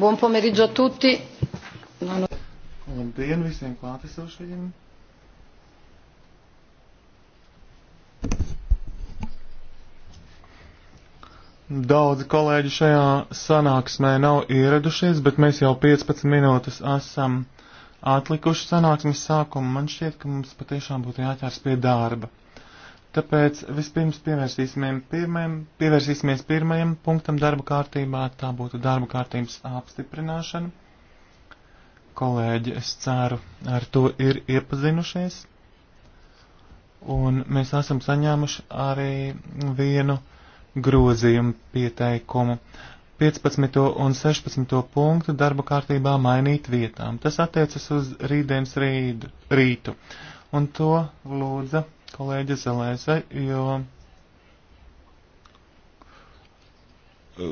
Buon pomeriggio a tutti. Manu... Labdien visiem klātesošajiem. Daudzi kolēģi šajā sanāksmē nav ieradušies, bet mēs jau 15 minūtes esam atlikuši sanāksmes sākumu. Man šķiet, ka mums patiešām būtu jāķers pie darba. Tāpēc vispirms pievērsīsimies pirmajam punktam darba kārtībā, tā būtu darba kārtības apstiprināšana. Kolēģi, es ceru, ar to ir iepazinušies. Un mēs esam saņēmuši arī vienu grozījumu pieteikumu. 15. un 16. punktu darba kārtībā mainīt vietām. Tas attiecas uz rītdienas rīdu, rītu. Un to lūdza kolēģa Zelēse, jo uh,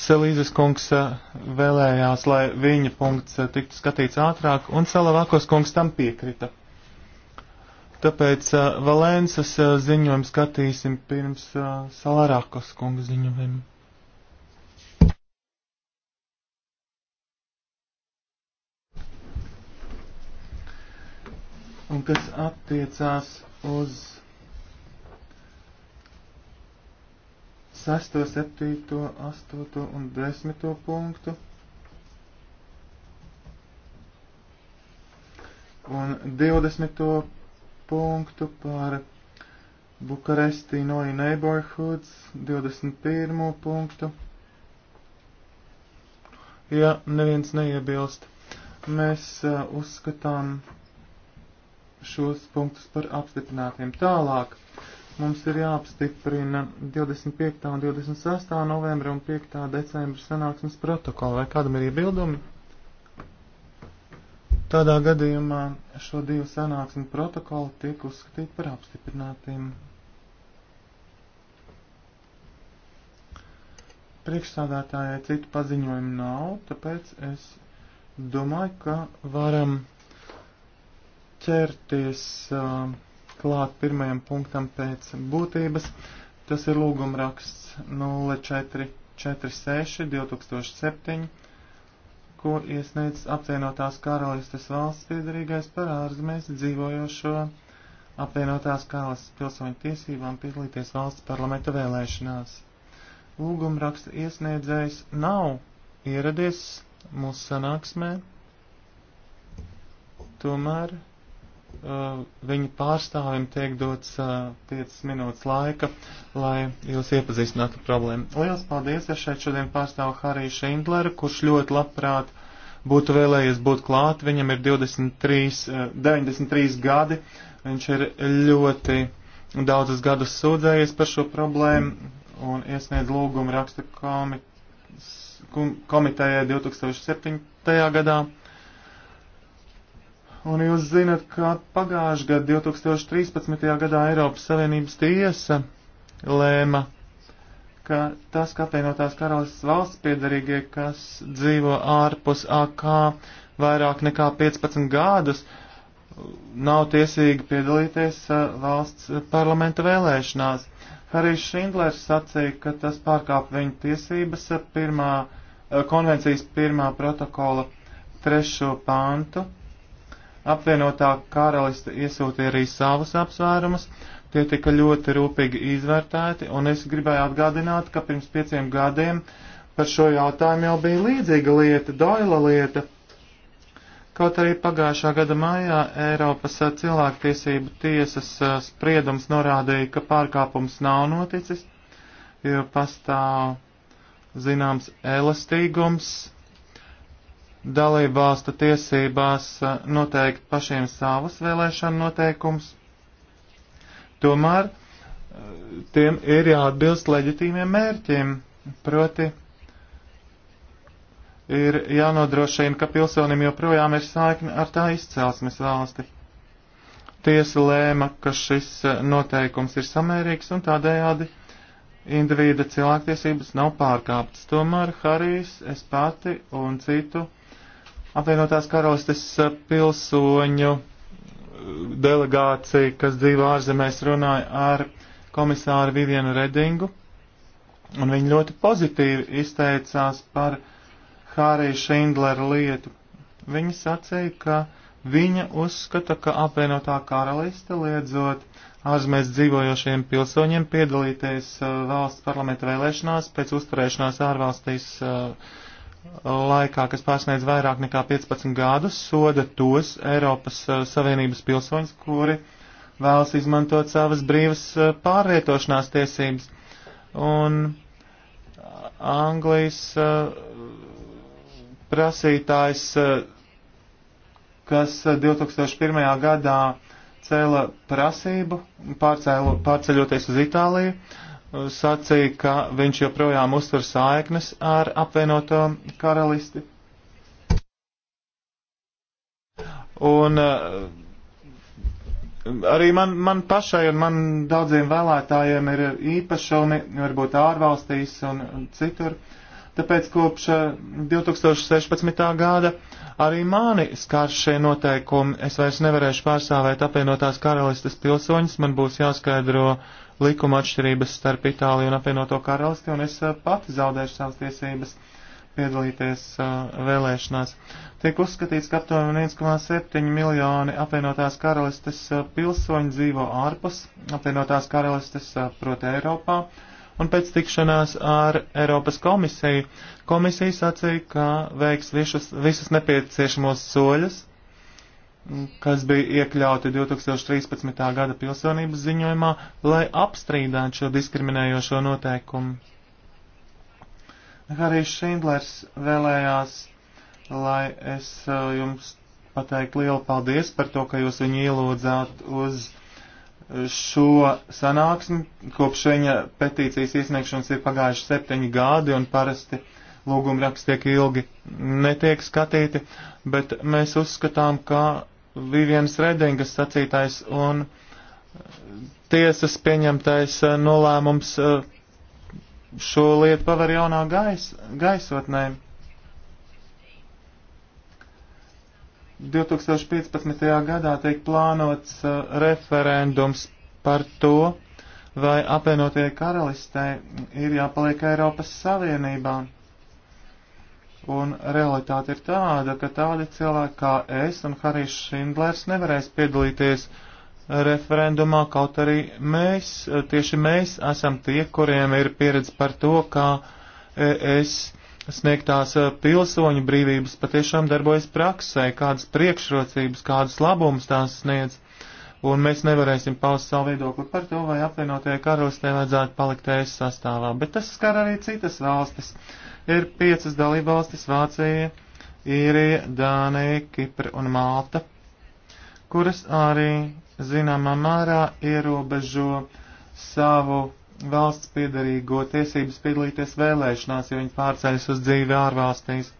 Selīzes kungs uh, vēlējās, lai viņa punkts uh, tiktu skatīts ātrāk, un Salavākos kungs tam piekrita. Tāpēc Valensas ziņojumu skatīsim pirms Salarākos kungu ziņojumu. un kas attiecās uz 6, 7, 8 un 10 punktu. Un 20. punktu par Bukarestī Noi Neighborhoods, 21. punktu. Ja neviens neiebilst, mēs uh, uzskatām, šos punktus par apstiprinātiem. Tālāk mums ir jāapstiprina 25. un 26. novembra un 5. decembra sanāksmes protokola. Vai kādam ir iebildumi? Tādā gadījumā šo divu sanāksmu protokolu tiek uzskatīt par apstiprinātiem. Priekšsādātājai citu paziņojumu nav, tāpēc es domāju, ka varam ķerties uh, klāt pirmajam punktam pēc būtības. Tas ir lūgumraksts 0446 2007, ko iesniedz apvienotās karalistes valsts piedarīgais par ārzemēs dzīvojošo apvienotās karalistes pilsoņu tiesībām piedalīties valsts parlamenta vēlēšanās. Lūgumraksta iesniedzējs nav ieradies mūsu sanāksmē, tomēr viņu pārstāvim tiek dots 5 minūtes laika, lai jūs iepazīstinātu problēmu. Lielas paldies, es šeit šodien pārstāvu Hariju Šindleru, kurš ļoti labprāt būtu vēlējies būt klāt. Viņam ir 23, 93 gadi, viņš ir ļoti daudzus gadus sūdzējies par šo problēmu un iesniedz lūgumu raksta komit komitējai 2007. gadā Un jūs zinat, ka pagājušajā gadā, 2013. gadā, Eiropas Savienības tiesa lēma, ka tas, ka apvienotās karalists valsts piedarīgie, kas dzīvo ārpus AK vairāk nekā 15 gadus, nav tiesīgi piedalīties valsts parlamenta vēlēšanās. Harijs Šindlers sacīja, ka tas pārkāp viņa tiesības pirmā, konvencijas pirmā protokola trešo pāntu Apvienotā karaliste iesūtīja arī savus apsvērumus, tie tika ļoti rūpīgi izvērtēti, un es gribēju atgādināt, ka pirms pieciem gadiem par šo jautājumu jau bija līdzīga lieta, Doila lieta. Kaut arī pagājušā gada maijā Eiropas cilvēktiesību tiesas eh, spriedums norādīja, ka pārkāpums nav noticis, jo pastāv zināms elastīgums dalībvalstu tiesībās eh, noteikt pašiem savus vēlēšanu noteikumus. Tomēr eh, tiem ir jāatbilst leģitīmiem mērķiem, proti ir jānodrošina, ka pilsonim joprojām ir saikne ar tā izcelsmes valsti. Tiesa lēma, ka šis eh, noteikums ir samērīgs un tādējādi individa cilvēktiesības nav pārkāptas. Tomēr Harijs, es pati un citu apvienotās karalistes eh, pilsoņu eh, delegācija, kas dzīvo ārzemēs, runāja ar komisāru Vivienu Redingu, un viņi ļoti pozitīvi izteicās par Hāriju Šindleru lietu. Viņa sacīja, ka viņa uzskata, ka apvienotā karaliste liedzot ārzemēs dzīvojošiem pilsoņiem piedalīties eh, valsts parlamenta vēlēšanās pēc uzturēšanās ārvalstīs uh, laikā, kas pārsniedz vairāk nekā 15 gadus, soda tos Eiropas eh, Savienības pilsoņus, kuri vēlas izmantot savas brīvas eh, pārvietošanās tiesības. Un eh, Anglijas prasītājs, kas 2001. gadā cēla prasību pārceļoties uz Itāliju, sacīja, ka viņš joprojām uztver saiknes ar apvienoto karalisti. Un eh, arī man, man pašai un man daudziem vēlētājiem ir īpašumi, varbūt ārvalstīs un citur. Tāpēc kopš 2016. Eh, gada arī mani skar šie noteikumi. Es vairs nevarēšu pārstāvēt apvienotās karalistes pilsoņus, man būs jāskaidro uh, likuma atšķirības starp Itāliju un apvienoto karalisti, un es eh, pati zaudēšu savas tiesības piedalīties uh, vēlēšanās. Tiek uzskatīts, ka aptuveni 1,7 miljoni apvienotās karalistes eh, pilsoņi dzīvo ārpus apvienotās karalistes, uh, proti Eiropā, un pēc tikšanās ar Eiropas komisiju komisija sacīja, ka veiks visus, visus nepieciešamos soļus, kas bija iekļauti 2013. gada pilsonības ziņojumā, lai apstrīdētu šo diskriminējošo noteikumu. Harijs Šindlers vēlējās, lai es uh, jums pateiktu lielu paldies par to, ka jūs viņu ielūdzāt uz uh, šo sanāksmi. Kopš viņa petīcijas iesniegšanas ir pagājuši septiņi gadi un parasti lūgumraksti tiek ilgi netiek skatīti, bet mēs uzskatām, ka Vivienas Redingas sacītais un tiesas pieņemtais eh, nolēmums eh, šo lietu paver jaunā gais, gaisotnē. 2015. gadā tiek plānots eh, referendums par to, vai apvienotie karalistē ir jāpaliek Eiropas Savienībā. Un realitāte ir tāda, ka tādi cilvēki kā es un Harijs Šindlers nevarēs piedalīties referendumā, kaut arī mēs, tieši mēs esam tie, kuriem ir pieredze par to, kā es sniegtās e, pilsoņu brīvības patiešām darbojas praksē, kādas priekšrocības, kādas labumus tās sniedz. Un mēs nevarēsim paust savu viedokli par to, vai apvienotajai karalistē vajadzētu palikt ES sastāvā, bet tas skar arī citas valstis. Uh, ir piecas dalībvalstis - Vācija, Īrija, Dānija, Kipra un Malta, kuras arī zināmā mērā ierobežo savu valsts piedarīgo tiesības piedalīties vēlēšanās, ja viņi pārceļas uz dzīvi ārvalstīs.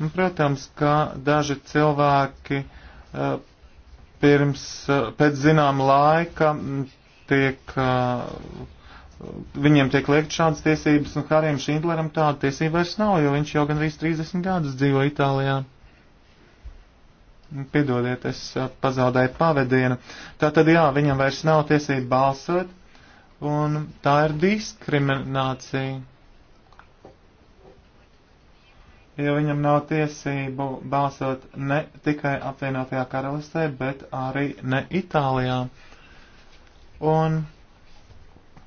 Un, protams, ka daži cilvēki eh, pirms, eh, pēc zinām laika tiek eh, viņiem tiek liekt šādas tiesības, un Harijam Šindleram tāda tiesība vairs nav, jo viņš jau gandrīz 30 gadus dzīvo Itālijā. Piedodiet, es pazaudēju pavadienu. Tā tad jā, viņam vairs nav tiesība balsot, un tā ir diskriminācija. Jo viņam nav tiesību balsot ne tikai apvienotajā karalistē, bet arī ne Itālijā. Un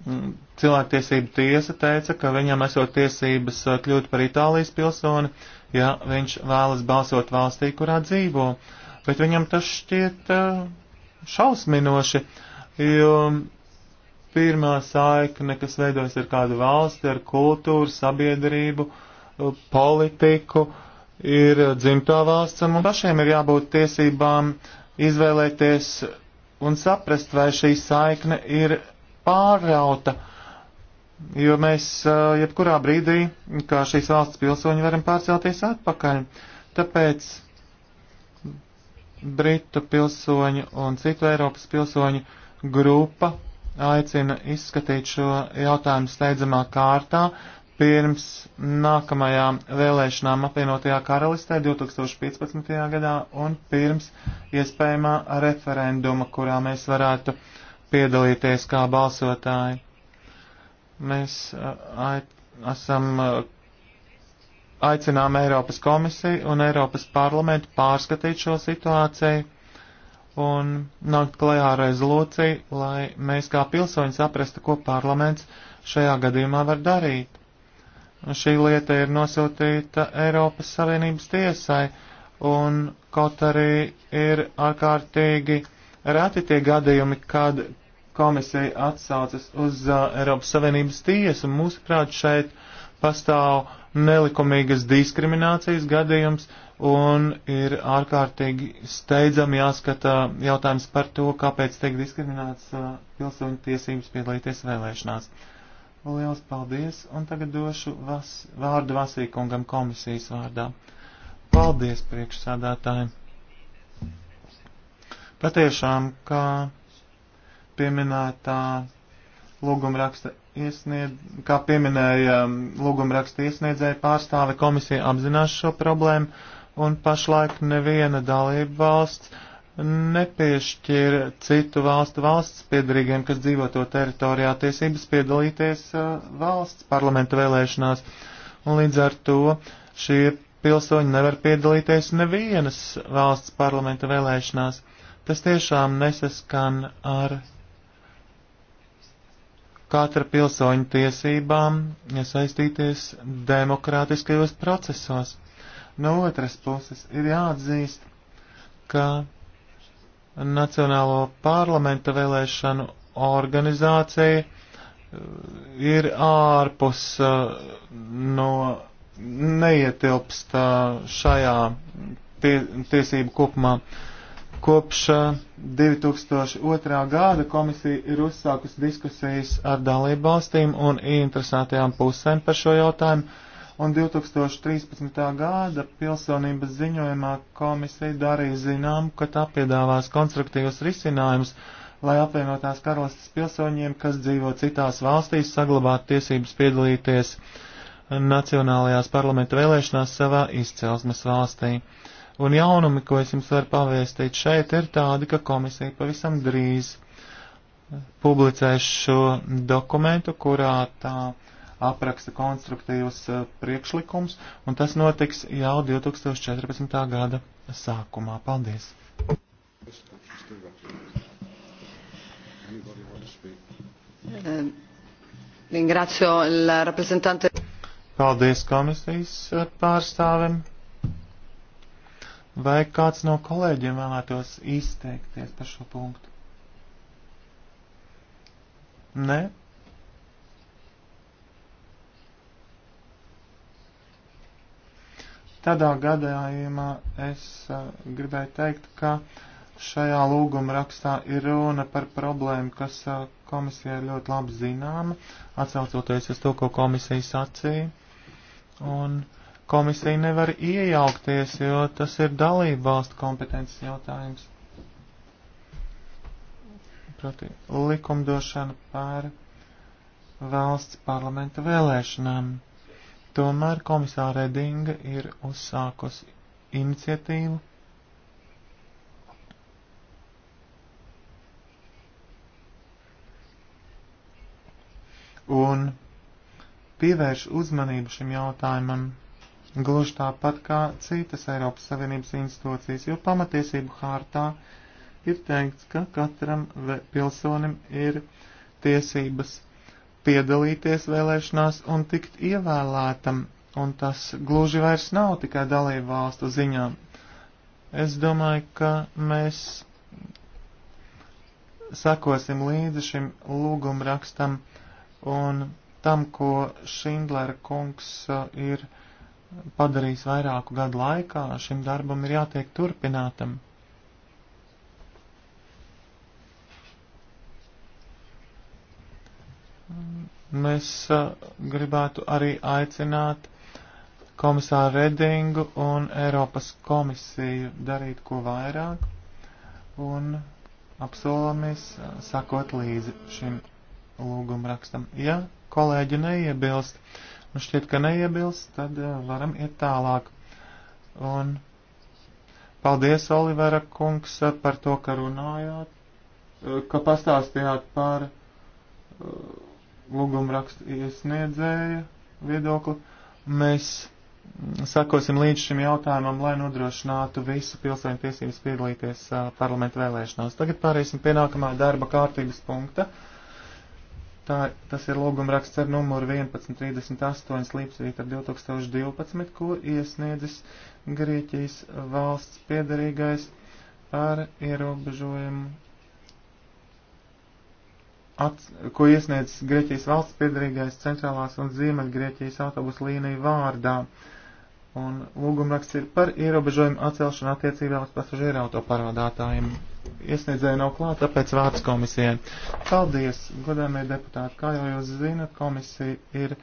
Mm, cilvēktiesība tiesa teica, ka viņam esot tiesības uh, kļūt par Itālijas pilsoni, ja viņš vēlas balsot valstī, kurā dzīvo. Bet viņam tas šķiet uh, šausminoši, jo pirmā saikne, kas veidojas ar kādu valsti, ar kultūru, sabiedrību, uh, politiku, ir dzimtā valsts, un mums pašiem ir jābūt tiesībām izvēlēties un saprast, vai šī saikne ir pārrauta, jo mēs jebkurā brīdī, kā šīs valsts pilsoņi, varam pārcelties atpakaļ. Tāpēc Britu pilsoņu un citu Eiropas pilsoņu grupa aicina izskatīt šo jautājumu steidzamā kārtā pirms nākamajām vēlēšanām apvienotajā karalistē 2015. gadā un pirms iespējamā referenduma, kurā mēs varētu uh, piedalīties kā balsotāji. Mēs esam aicinām Eiropas komisiju un Eiropas parlamentu pārskatīt šo situāciju un nākt klajā ar rezolūciju, lai mēs kā pilsoņi saprastu, ko parlaments šajā gadījumā var darīt. Un šī lieta ir nosūtīta Eiropas Savienības tiesai, un kaut arī ir ārkārtīgi reti tie gadījumi, kad komisija atsaucas uz uh, Eiropas Savienības tiesu, un mūsuprāt šeit pastāv nelikumīgas diskriminācijas gadījums, un ir ārkārtīgi steidzami jāskata jautājums par to, kāpēc tiek diskriminēts uh, pilsoņu tiesības piedalīties vēlēšanās. Lielas paldies, un tagad došu vas, vārdu Vasīkungam komisijas vārdā. Paldies priekšsādātājiem! Patiešām, kā pieminētā lūgumraksta iesniedz, kā pieminēja um, lūgumraksta iesniedzēja pārstāve, komisija apzinās šo problēmu un pašlaik neviena dalība valsts nepiešķir citu valstu valsts piedarīgiem, kas dzīvo to teritorijā, tiesības piedalīties uh, valsts parlamenta vēlēšanās. Un līdz ar to šie pilsoņi nevar piedalīties nevienas valsts parlamenta vēlēšanās. Tas tiešām nesaskan ar katra pilsoņa tiesībām iesaistīties demokrātiskajos procesos. No otras puses ir jāatzīst, ka Nacionālo parlamenta vēlēšanu organizācija uh, ir ārpus uh, no neietilpst uh, šajā tie, tiesību kopumā. Uh, Kopš 2002. gada komisija ir uzsākusi diskusijas ar dalību valstīm un interesētajām pusēm par šo jautājumu, un 2013. gada pilsonības ziņojumā komisija darīja zinām, ka tā piedāvās konstruktīvus risinājumus, lai apvienotās karalistas pilsoņiem, kas dzīvo citās valstīs, saglabātu tiesības piedalīties nacionālajās parlamentu vēlēšanās savā izcelsmes valstī. Un jaunumi, ko es jums varu pavēstīt šeit, ir tādi, ka komisija pavisam drīz publicēs šo dokumentu, kurā tā apraksta konstruktīvas eh, priekšlikums, un tas notiks jau 2014. gada sākumā. Paldies! Paldies komisijas eh, pārstāvim! Vai kāds no kolēģiem vēlētos izteikties par šo punktu? Nē? Tādā gadījumā es uh, gribēju teikt, ka šajā lūguma rakstā ir runa par problēmu, kas uh, komisijai ļoti labi zināma, atsaucoties uz to, ko komisija sacīja. Un uh, komisija nevar iejaukties, jo tas ir dalība valstu kompetences jautājums. Proti, likumdošana pār valsts parlamenta vēlēšanām. Tomēr komisāra Redinga ir uzsākusi iniciatīvu, un pievērš uzmanību šim jautājumam gluži tāpat kā citas Eiropas Savienības institūcijas, jo pamatiesību hārtā ir teikts, ka katram pilsonim ir tiesības piedalīties vēlēšanās un tikt ievēlētam, un tas gluži vairs nav tikai dalību valstu ziņām. Es domāju, ka mēs sakosim līdzi šim lūgumrakstam un tam, ko Šindlera kungs uh, ir uh, padarījis vairāku gadu laikā, šim darbam ir jātiek turpinātam. Mēs gribētu arī aicināt komisāru Redingu un Eiropas komisiju darīt ko vairāk un apsolamies sakot līdzi šim lūgumrakstam. Ja kolēģi neiebilst, Nu, šķiet, ka neiebilst, tad eh, varam iet tālāk. Un paldies, Olivera kungs, par to, ka runājāt, eh, ka pastāstījāt par eh, lūgumrakstu iesniedzēja viedokli. Mēs sakosim līdz šim jautājumam, lai nodrošinātu visu pilsēņu tiesības piedalīties parlamentu vēlēšanās. Tagad pāriesim pie nākamā darba kārtības punkta. Tā, tas ir lūgumraksts ar numuru 1138 līpsvīta 2012, ko iesniedzis Grieķijas valsts piedarīgais ar ierobežojumu, at, ko iesniedzis Grieķijas valsts piedarīgais centrālās un ziemeļgrieķijas autobusu līniju vārdā. Un lūgumraksts ir par ierobežojumu atcelšanu attiecībā uz pasažieru autoparādātājiem. Iesniedzēja nav klāt, tāpēc vārds komisijai. Paldies, godāmie deputāti. Kā jau jūs zinat, komisija ir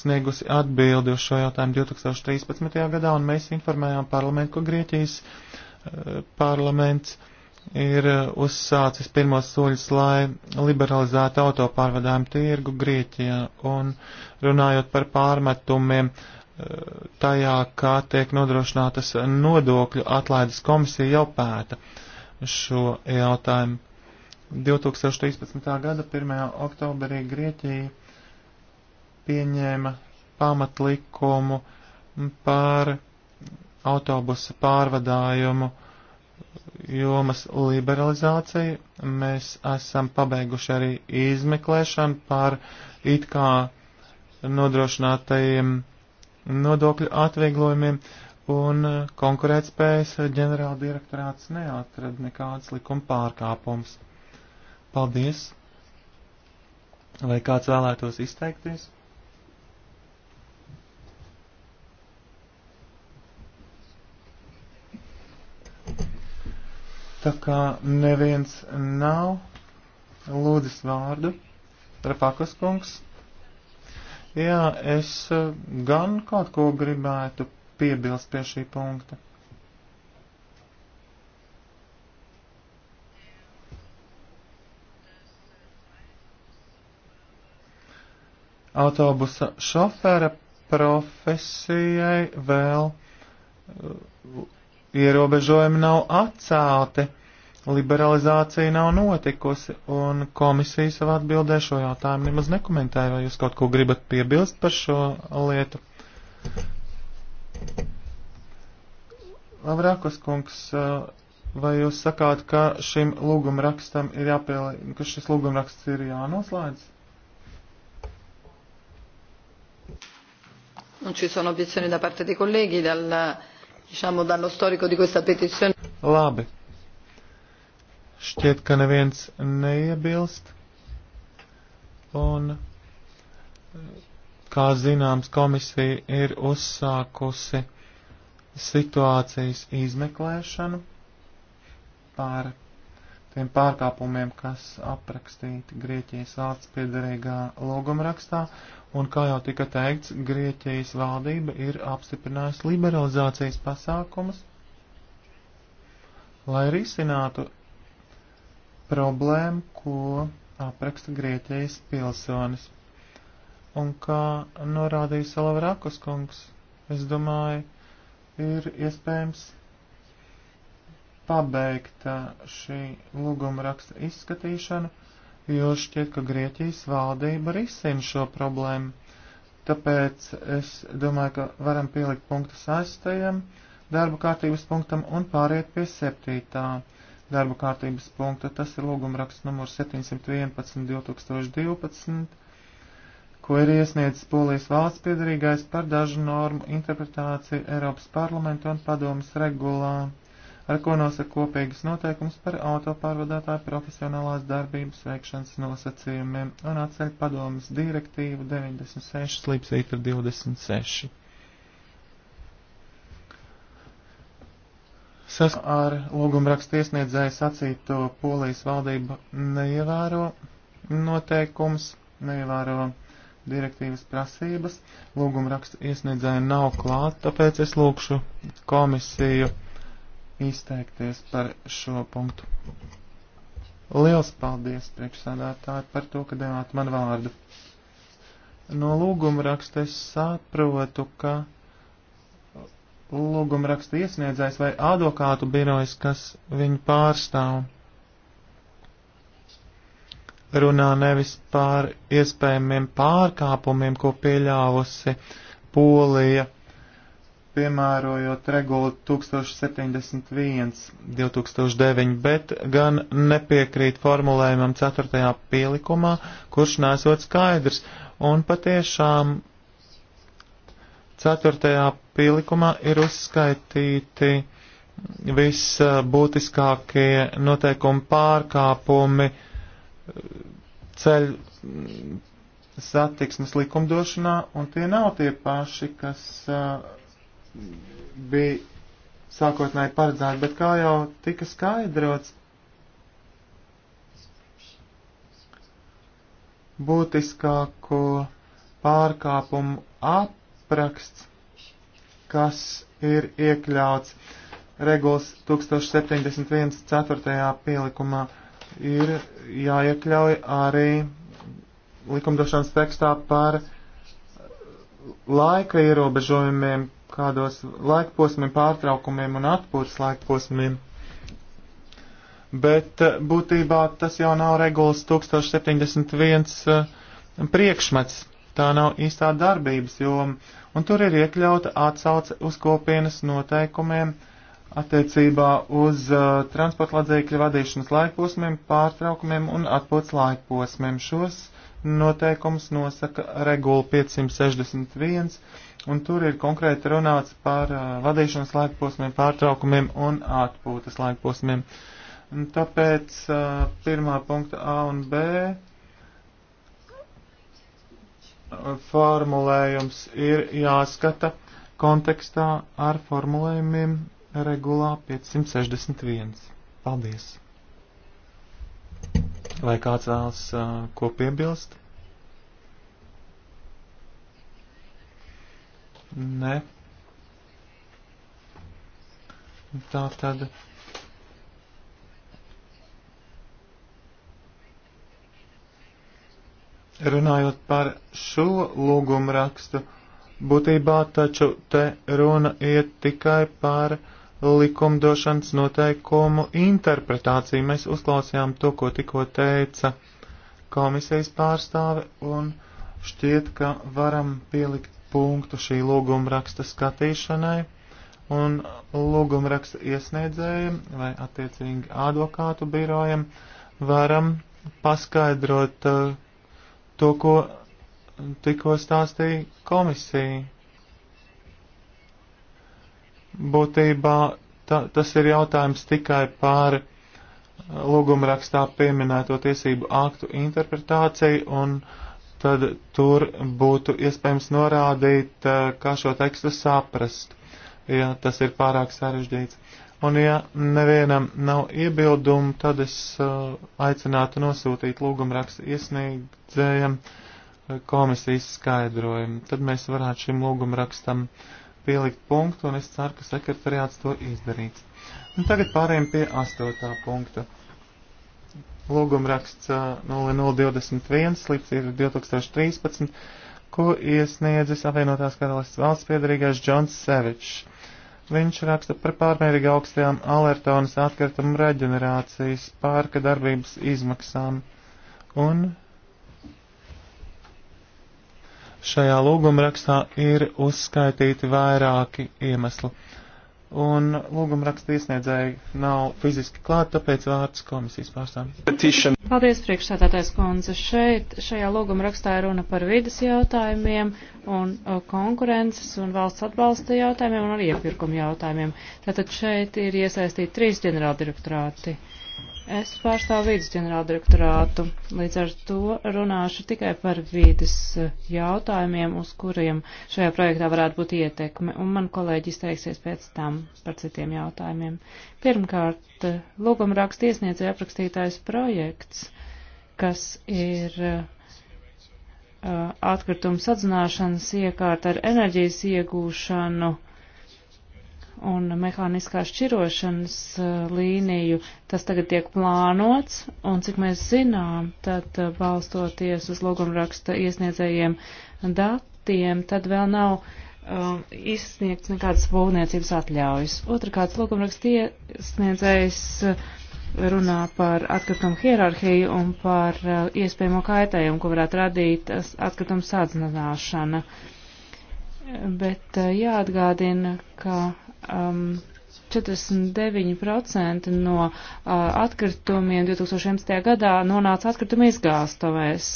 sniegusi atbildi uz šo jautājumu 2013. gadā, un mēs informējām parlamentu, ka Grieķijas eh, parlaments ir eh, uzsācis pirmos soļus, lai liberalizētu autopārvadājumu tirgu Grieķijā. Un runājot par pārmetumiem, eh, tajā, kā tiek nodrošinātas nodokļu atlaides komisija jau pēta. Uh, šo jautājumu. 2013. gada 1. oktobrī Grieķija pieņēma pamatlikumu pār autobusa pārvadājumu jomas liberalizāciju. Mēs esam pabeiguši arī izmeklēšanu par it kā nodrošinātajiem nodokļu atvieglojumiem, un eh, konkurētspējas eh, ģenerāldirektorāts neatrada nekādas likuma pārkāpums. Paldies! Vai kāds vēlētos izteikties? Tā kā neviens nav lūdzis vārdu, Trapakas kungs. Jā, es eh, gan kaut ko gribētu piebilst pie šī punkta? Autobusa šofēra profesijai vēl uh, ierobežojumi nav atcelti, liberalizācija nav notikusi, un komisija savā atbildē šo jautājumu nemaz nekomentēja. Vai jūs kaut ko gribat piebilst par šo lietu? Lavrakas kungs, eh, vai jūs sakāt, ka šim lūgumrakstam ir jāpielī, ka šis lūgumraksts ir jānoslēdz? Non ci sono obiezioni da parte dei colleghi dal, diciamo, dallo storico di questa petizione. Labi. Šķiet, ka neviens neiebilst. Un Kā zināms, komisija ir uzsākusi situācijas izmeklēšanu par tiem pārkāpumiem, kas aprakstīti Grieķijas valsts piedarīgā logumrakstā, un kā jau tika teikts, Grieķijas valdība ir apstiprinājusi liberalizācijas pasākumus, lai risinātu problēmu, ko apraksta Grieķijas pilsonis. Un kā norādīja Salavrakus kungs, es domāju, ir iespējams pabeigt uh, šī lūguma raksta izskatīšanu, jo šķiet, ka Grieķijas valdība risina šo problēmu. Tāpēc es domāju, ka varam pielikt punktu sastajam darba kārtības punktam un pāriet pie septītā darba kārtības punkta. Tas ir lūguma raksts numurs 711 2012 ko ir iesniedzis Polijas valsts piedarīgais par dažu normu interpretāciju Eiropas parlamentu un padomas regulā, ar ko nosaka kopīgas noteikums par autopārvadātāju profesionālās darbības veikšanas nosacījumiem un atceļ padomas direktīvu 96 līdz 26. Sas ar lūgumrakstu iesniedzēju sacīto Polijas valdība neievēro noteikums, neievēro direktīvas prasības. Lūguma raksta iesniedzēja nav klāt, tāpēc es lūkšu komisiju izteikties par šo punktu. Liels paldies priekšsādātāji par to, ka devāt man vārdu. No lūguma raksta es saprotu, ka lūguma raksta iesniedzējs vai advokātu birojs, kas viņu pārstāv runā nevis par iespējamiem pārkāpumiem, ko pieļāvusi Polija, piemērojot regulu 1071-2009, bet gan nepiekrīt formulējumam 4. pielikumā, kurš nesot skaidrs. Un patiešām 4. pielikumā ir uzskaitīti visbūtiskākie noteikumi pārkāpumi, uh, ceļu mm, satiksmes likumdošanā, un tie nav tie paši, kas uh, bija sākotnēji paredzēti, bet kā jau tika skaidrots, būtiskāko pārkāpumu apraksts, kas ir iekļauts regulas 1071. 4. pielikumā ir jāiekļauj arī likumdošanas tekstā par laika ierobežojumiem, kādos laikposmiem, pārtraukumiem un atpūtas laikposmiem. Bet eh, būtībā tas jau nav regulas 1071 eh, priekšmets. Tā nav īstā darbības joma, un tur ir iekļauta atsauce uz kopienas noteikumiem uh, attiecībā uz uh, transporta ladzēkļu vadīšanas laikposmiem, pārtraukumiem un atpūtas laikposmiem. Šos noteikumus nosaka regula 561, un tur ir konkrēti runāts par uh, vadīšanas laikposmiem, pārtraukumiem un atpūtas laikposmiem. Un tāpēc uh, pirmā punkta A un B uh, formulējums ir jāskata kontekstā ar formulējumiem regulā 561. Paldies! Vai kāds vēlas uh, ko piebilst? Nē. Tā tad. Runājot par šo lūgumu rakstu, būtībā taču te runa iet tikai par uh, likumdošanas noteikumu interpretāciju. Mēs uzklausījām to, ko tikko teica komisijas pārstāve, un šķiet, ka varam pielikt punktu šī lūguma raksta skatīšanai, un lūguma raksta iesniedzējiem vai attiecīgi advokātu birojiem varam paskaidrot uh, to, ko tikko stāstīja komisija būtībā ta, tas ir jautājums tikai par uh, lūgumrakstā pieminēto tiesību aktu interpretāciju, un tad tur būtu iespējams norādīt, uh, kā šo tekstu saprast, ja tas ir pārāk sarežģīts. Un ja nevienam nav iebildumu, tad es uh, aicinātu nosūtīt lūgumrakstu iesniedzējiem uh, komisijas skaidrojumu. Tad mēs varētu šim lūgumrakstam uh, pielikt punktu, un es ceru, ka sekretariāts to izdarīts. Un tagad pārējiem pie astotā punkta. Lūgumraksts 0021 uh, līdz ir 2013, ko iesniedzis apvienotās karalists valsts piedarīgais Džons Sevičs. Viņš raksta par pārmērīgi augstajām alertonas atkritumu reģenerācijas pārka darbības izmaksām un Šajā lūgumrakstā ir uzskaitīti vairāki iemesli. Un lūgumraksta iesniedzēji nav fiziski klāt, tāpēc vārds komisijas pārstāvjiem. Paldies, priekšsētātais kundze. Šeit, šajā lūgumrakstā ir runa par vidas jautājumiem un konkurences un valsts atbalsta jautājumiem un arī iepirkuma jautājumiem. Tātad šeit ir iesaistīti trīs ģenerāldirektorāti. direktorāti Es pārstāvu vīdes ģenerāldirektorātu, līdz ar to runāšu tikai par vīdes eh, jautājumiem, uz kuriem šajā projektā varētu būt ietekme, un man kolēģi izteiksies pēc tam par citiem jautājumiem. Pirmkārt, eh, lūguma raksta iesniedzēja aprakstītājs projekts, kas ir uh, eh, atkritumu sadzināšanas iekārta ar enerģijas iegūšanu un mehāniskā šķirošanas eh, līniju, tas tagad tiek plānots, un cik mēs zinām, tad eh, balstoties uz logumraksta iesniedzējiem datiem, tad vēl nav um, izsniegts nekādas būvniecības atļaujas. Otrakārt, logumraksta iesniedzējs runā par atkritumu hierarhiju un par uh, iespējamo kaitējumu, ko varētu radīt atkritumu sādzināšana. Bet uh, jāatgādina, ka um, 49% no uh, atkritumiem 2011. gadā nonāca atkrituma izgāstavēs,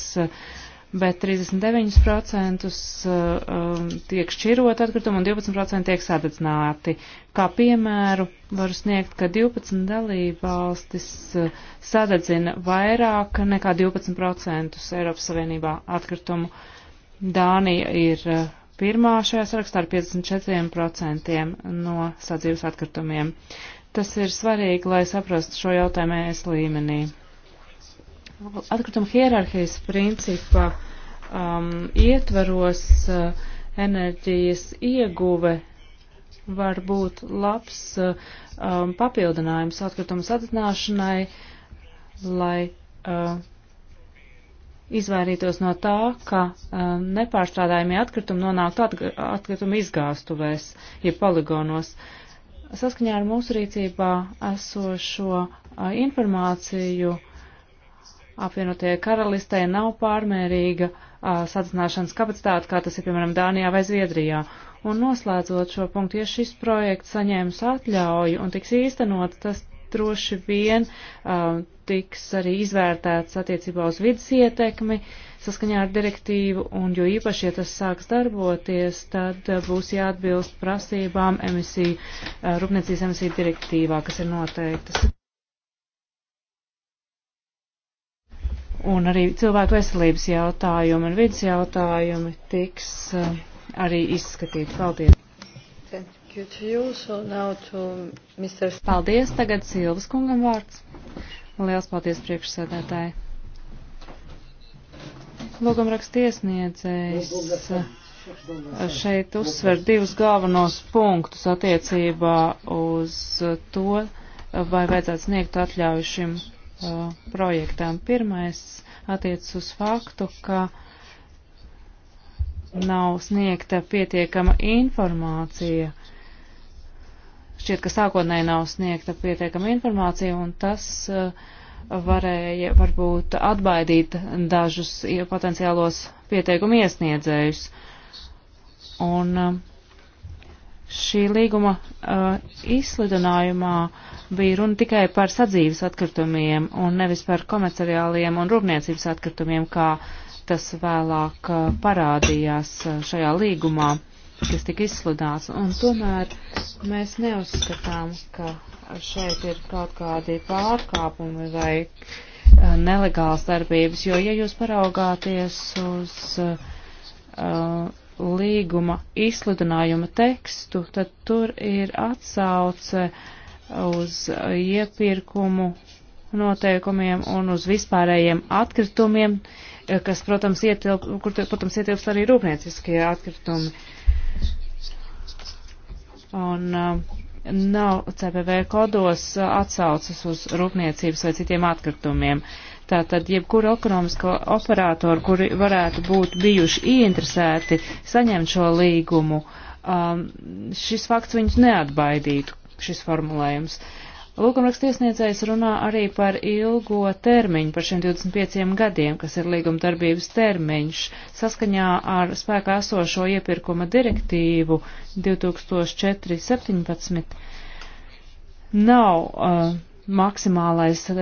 bet 39% uh, um, tiek šķirot atkritumu un 12% tiek sadedzināti. Kā piemēru varu sniegt, ka 12 dalībvalstis uh, sadedzina vairāk nekā 12% Eiropas Savienībā atkritumu. Dānija ir uh, pirmā šajā sarakstā ar 54% no sadzīves atkritumiem. Tas ir svarīgi, lai saprastu šo jautājumu ES līmenī. Atkrituma hierarhijas principa um, ietvaros uh, enerģijas ieguve var būt labs uh, um, papildinājums atkrituma sadedzināšanai, lai uh, izvairītos no tā, ka uh, nepārstrādājumie atkritumi nonāktu atkritumu izgāstuvēs, jeb poligonos. Saskaņā ar mūsu rīcībā esošo uh, informāciju apvienotie karalistē nav pārmērīga uh, sadzināšanas kapacitāte, kā tas ir, piemēram, Dānijā vai Zviedrijā. Un noslēdzot šo punktu, ja šis projekts saņēmis atļauju un tiks īstenots, tas droši vien uh, tiks arī izvērtēts attiecībā uz vidas ietekmi saskaņā ar direktīvu, un jo īpaši, ja tas sāks darboties, tad uh, būs jāatbilst prasībām emisiju, uh, rūpniecības emisiju direktīvā, kas ir noteiktas. Un arī cilvēku veselības jautājumi un vidas jautājumi tiks uh, arī izskatīti. Paldies! You, so Paldies, tagad Silvas kungam vārds. Liels paldies priekšsēdētāji. Lūgumraksta iesniedzējs eh, šeit uzsver divus galvenos punktus attiecībā uz to, vai vajadzētu sniegt atļauju šim uh, projektam. Pirmais attiec uz faktu, ka nav sniegta pietiekama informācija uh, Šķiet, ka sākotnēji nav sniegta pietiekama informācija, un tas uh, varēja varbūt atbaidīt dažus potenciālos pieteikumu iesniedzējus. Un uh, šī līguma uh, izsludinājumā bija runa tikai par sadzīves atkritumiem un nevis par komerciāliem un rūpniecības atkritumiem, kā tas vēlāk parādījās šajā līgumā šis tika izsludināts. Un tomēr mēs neuzskatām, ka šeit ir kaut kādi pārkāpumi vai eh, nelegāls darbības, jo, ja jūs paraugāties uz uh, līguma izsludinājuma tekstu, tad tur ir atsauce uz iepirkumu noteikumiem un uz vispārējiem atkritumiem, eh, kas, protams, ietilp, kur, protams, ietilpst arī rūpnieciskie atkritumi. Uh, un uh, nav CPV kodos uh, atsaucas uz rūpniecības vai citiem atkritumiem. Tātad, jebkuru ekonomisko operātoru, kuri varētu būt bijuši ieinteresēti saņemt šo līgumu, um, šis fakts viņus neatbaidītu, šis formulējums. Uh, Lūgumraksta iesniedzējs runā arī par ilgo termiņu, par šiem 25 gadiem, kas ir līguma darbības termiņš. Saskaņā ar spēkā esošo iepirkuma direktīvu 2004-17 nav uh, maksimālais uh,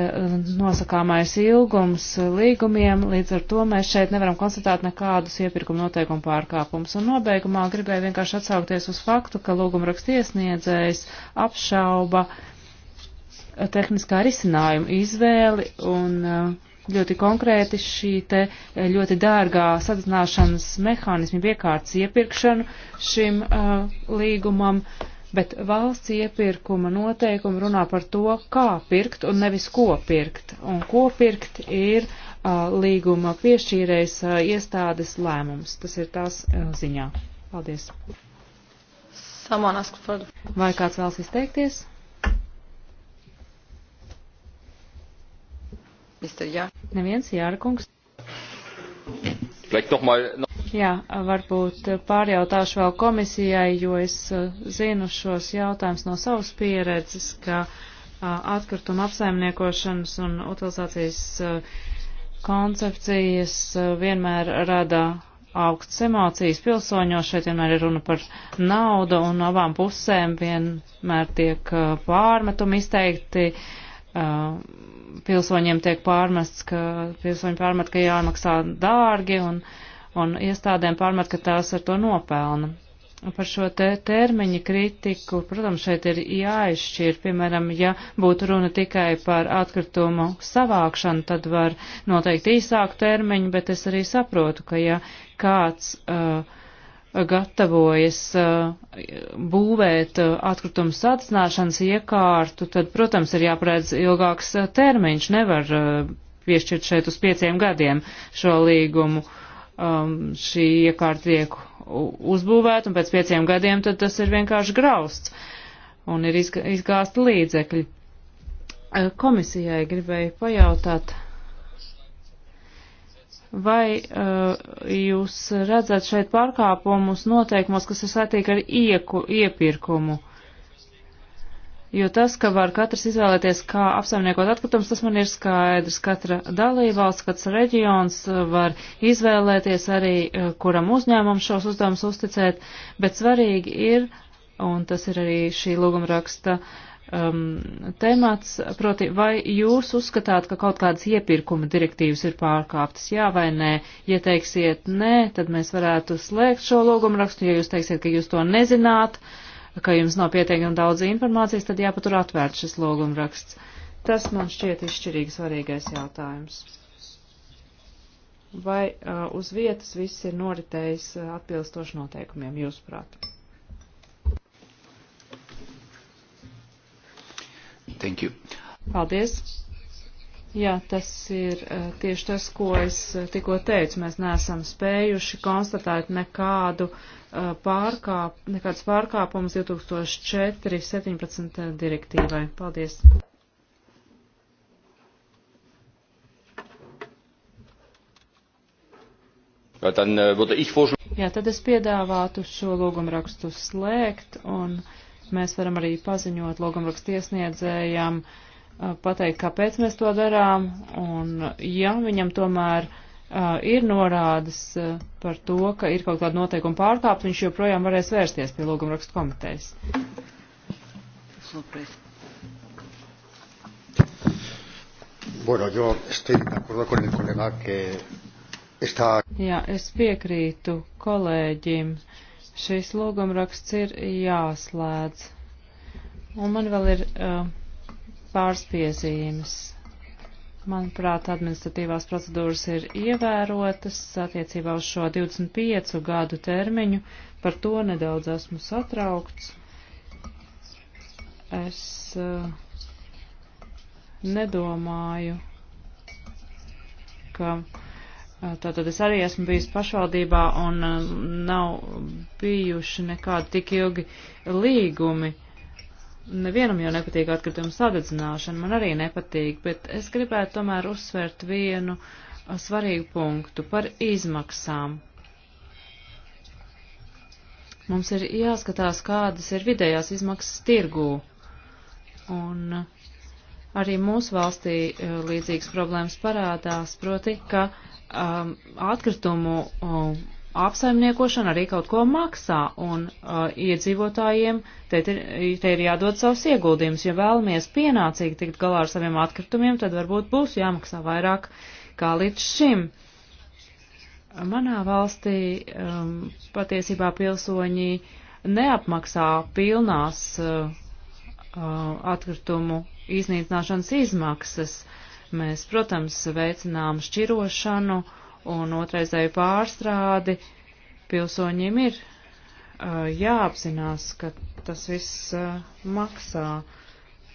nosakāmais ilgums līgumiem, līdz ar to mēs šeit nevaram konstatēt nekādus iepirkuma noteikumu pārkāpumus. Un nobeigumā gribēju vienkārši atsaukties uz faktu, ka lūguma rakstiesniedzējs apšauba uh, tehniskā risinājuma izvēli un uh, ļoti konkrēti šī te uh, ļoti dārgā sadzināšanas mehānismi piekārtas iepirkšanu šim uh, līgumam, bet valsts iepirkuma noteikumi runā par to, kā pirkt un nevis ko pirkt. Un ko pirkt ir uh, līguma piešķīrējs uh, iestādes lēmums. Tas ir tās uh, ziņā. Paldies. Vai kāds vēlas izteikties? Mr. Jā. Neviens, Jārkungs. Jā, varbūt pārjautāšu vēl komisijai, jo es uh, zinu šos jautājumus no savas pieredzes, ka uh, atkrituma apsaimniekošanas un utilizācijas uh, koncepcijas vienmēr rada augsts emocijas pilsoņos, šeit vienmēr ir runa par naudu un no abām pusēm vienmēr tiek pārmetumi izteikti, pilsoņiem tiek pārmests, ka pilsoņi pārmet, ka jāmaksā dārgi un, un iestādēm pārmet, ka tās ar to nopelna. Par šo te termiņu kritiku, protams, šeit ir jāizšķir, piemēram, ja būtu runa tikai par atkritumu savākšanu, tad var noteikt īsāku termiņu, bet es arī saprotu, ka ja kāds uh, gatavojas būvēt atkritumu sacināšanas iekārtu, tad, protams, ir jāparedz ilgāks termiņš. Nevar piešķirt šeit uz pieciem gadiem šo līgumu. Um, šī iekārta tiek uzbūvēta, un pēc pieciem gadiem tad tas ir vienkārši grausts un ir izgāsti līdzekļi. Komisijai gribēju pajautāt Vai uh, jūs redzat šeit pārkāpumus noteikumos, kas ir saistīti ar ieku, iepirkumu? Jo tas, ka var katrs izvēlēties, kā apsaimniekot atkritumus, tas man ir skaidrs. Katra dalībvalsts, katrs reģions var izvēlēties arī, uh, kuram uzņēmumam šos uzdevumus uzticēt, bet svarīgi ir, un tas ir arī šī lūguma raksta uh, um, temats, proti, vai jūs uzskatāt, ka kaut kādas iepirkuma direktīvas ir pārkāptas, jā vai nē? Ja teiksiet nē, tad mēs varētu slēgt šo logumrakstu, ja jūs teiksiet, ka jūs to nezināt, ka jums nav pietiekami daudz informācijas, tad jāpatur atvērt šis logumraksts. Tas man šķiet izšķirīgi svarīgais jautājums. Vai uh, uz vietas viss ir noritējis uh, atbilstoši noteikumiem, jūsuprāt? Thank you. Paldies. Jā, tas ir eh, tieši tas, ko es eh, tikko teicu. Mēs neesam spējuši konstatēt nekādu eh, pārkāp, nekādas pārkāpumas 2004-17 direktīvai. Paldies. Jā, tad es piedāvātu šo lūgumu rakstu slēgt un mēs varam arī paziņot logumrakstu iesniedzējām, uh, pateikt, kāpēc mēs to darām, un ja viņam tomēr uh, ir norādes uh, par to, ka ir kaut kāda noteikuma pārkāpta, viņš joprojām varēs vērsties pie logumrakstu komitejas. Bueno, yo estoy de acuerdo con el colega que está. Jā, es piekrītu kolēģim. Uh, šis lūgumraksts ir jāslēdz. Un man vēl ir uh, pāris piezīmes. Manuprāt, administratīvās procedūras ir ievērotas attiecībā uz šo 25 gadu termiņu. Par to nedaudz esmu satraukts. Es uh, nedomāju, ka Tātad es arī esmu bijis pašvaldībā un nav bijuši nekādi tik ilgi līgumi. Nevienam jau nepatīk atkritumu sadedzināšana, man arī nepatīk, bet es gribētu tomēr uzsvērt vienu svarīgu punktu par izmaksām. Mums ir jāskatās, kādas ir vidējās izmaksas tirgū. Un arī mūsu valstī līdzīgas problēmas parādās, proti, ka uh, um, atkritumu um, apsaimniekošana arī kaut ko maksā, un uh, iedzīvotājiem te ir, te ir jādod savs ieguldījums. Ja vēlamies pienācīgi tikt galā ar saviem atkritumiem, tad varbūt būs jāmaksā vairāk kā līdz šim. Manā valstī um, patiesībā pilsoņi neapmaksā pilnās uh, uh, atkritumu iznīcināšanas izmaksas. Uh, Mēs, protams, veicinām šķirošanu un otraizēju pārstrādi. Pilsoņiem ir uh, jāapzinās, ka tas viss uh, maksā.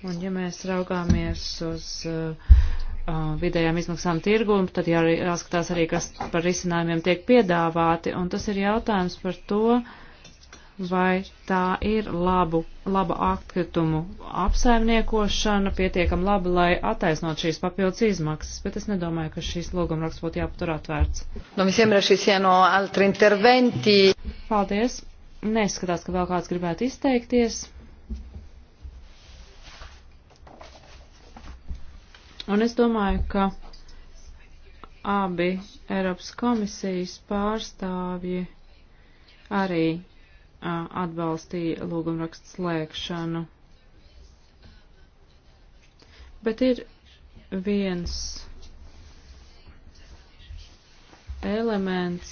Un ja mēs raugāmies uz uh, vidējām izmaksām tirgu, tad jāskatās arī, kas par risinājumiem tiek piedāvāti. Un tas ir jautājums par to, uh, vai tā ir labu, laba atkritumu apsaimniekošana, pietiekam labi, lai attaisnot šīs papildus izmaksas, bet es nedomāju, ka šīs logumraksts būtu jāpatur atvērts. No visiem rašīsieno altri interventi. Paldies. Neizskatās, ka vēl kāds gribētu izteikties. Un es domāju, ka abi Eiropas komisijas pārstāvji arī atbalstīja lūgumrakstu slēgšanu. Bet ir viens elements,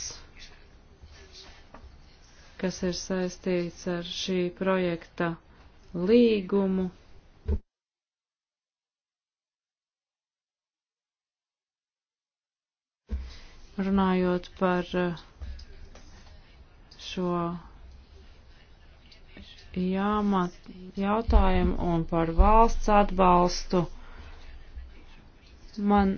kas ir saistīts ar šī projekta līgumu. Runājot par šo jāma jautājumu un par valsts atbalstu. Man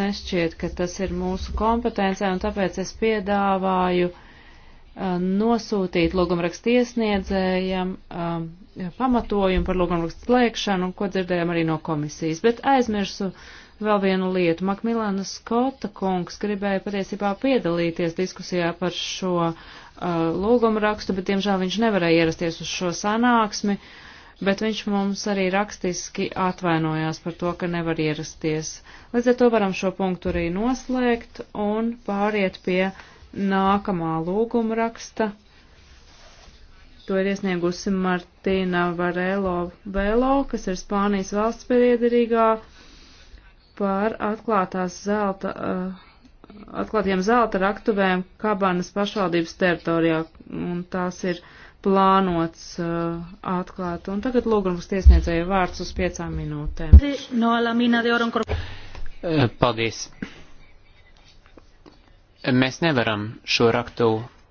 nešķiet, ka tas ir mūsu kompetencē, un tāpēc es piedāvāju uh, nosūtīt lūgumrakstu iesniedzējiem uh, pamatojumu par lūgumrakstu slēgšanu, ko dzirdējām arī no komisijas. Bet aizmirsu vēl vienu lietu. Makmilāna Skota kungs gribēja patiesībā piedalīties diskusijā par šo uh, Uh, lūgumu rakstu, bet diemžēl viņš nevarēja ierasties uz šo sanāksmi, bet viņš mums arī rakstiski atvainojās par to, ka nevar ierasties. Līdz ar to varam šo punktu arī noslēgt un pāriet pie nākamā lūguma raksta. To ir iesniegusi Martīna Varelo Velo, kas ir Spānijas valsts piederīgā par atklātās zelta uh, atklātiem zelta raktuvēm Kabanas pašvaldības teritorijā, un tās ir plānots uh, atklāt. Un tagad lūgums tiesniedzēja vārds uz piecām minūtēm. Eh, paldies. Mēs nevaram šo raktu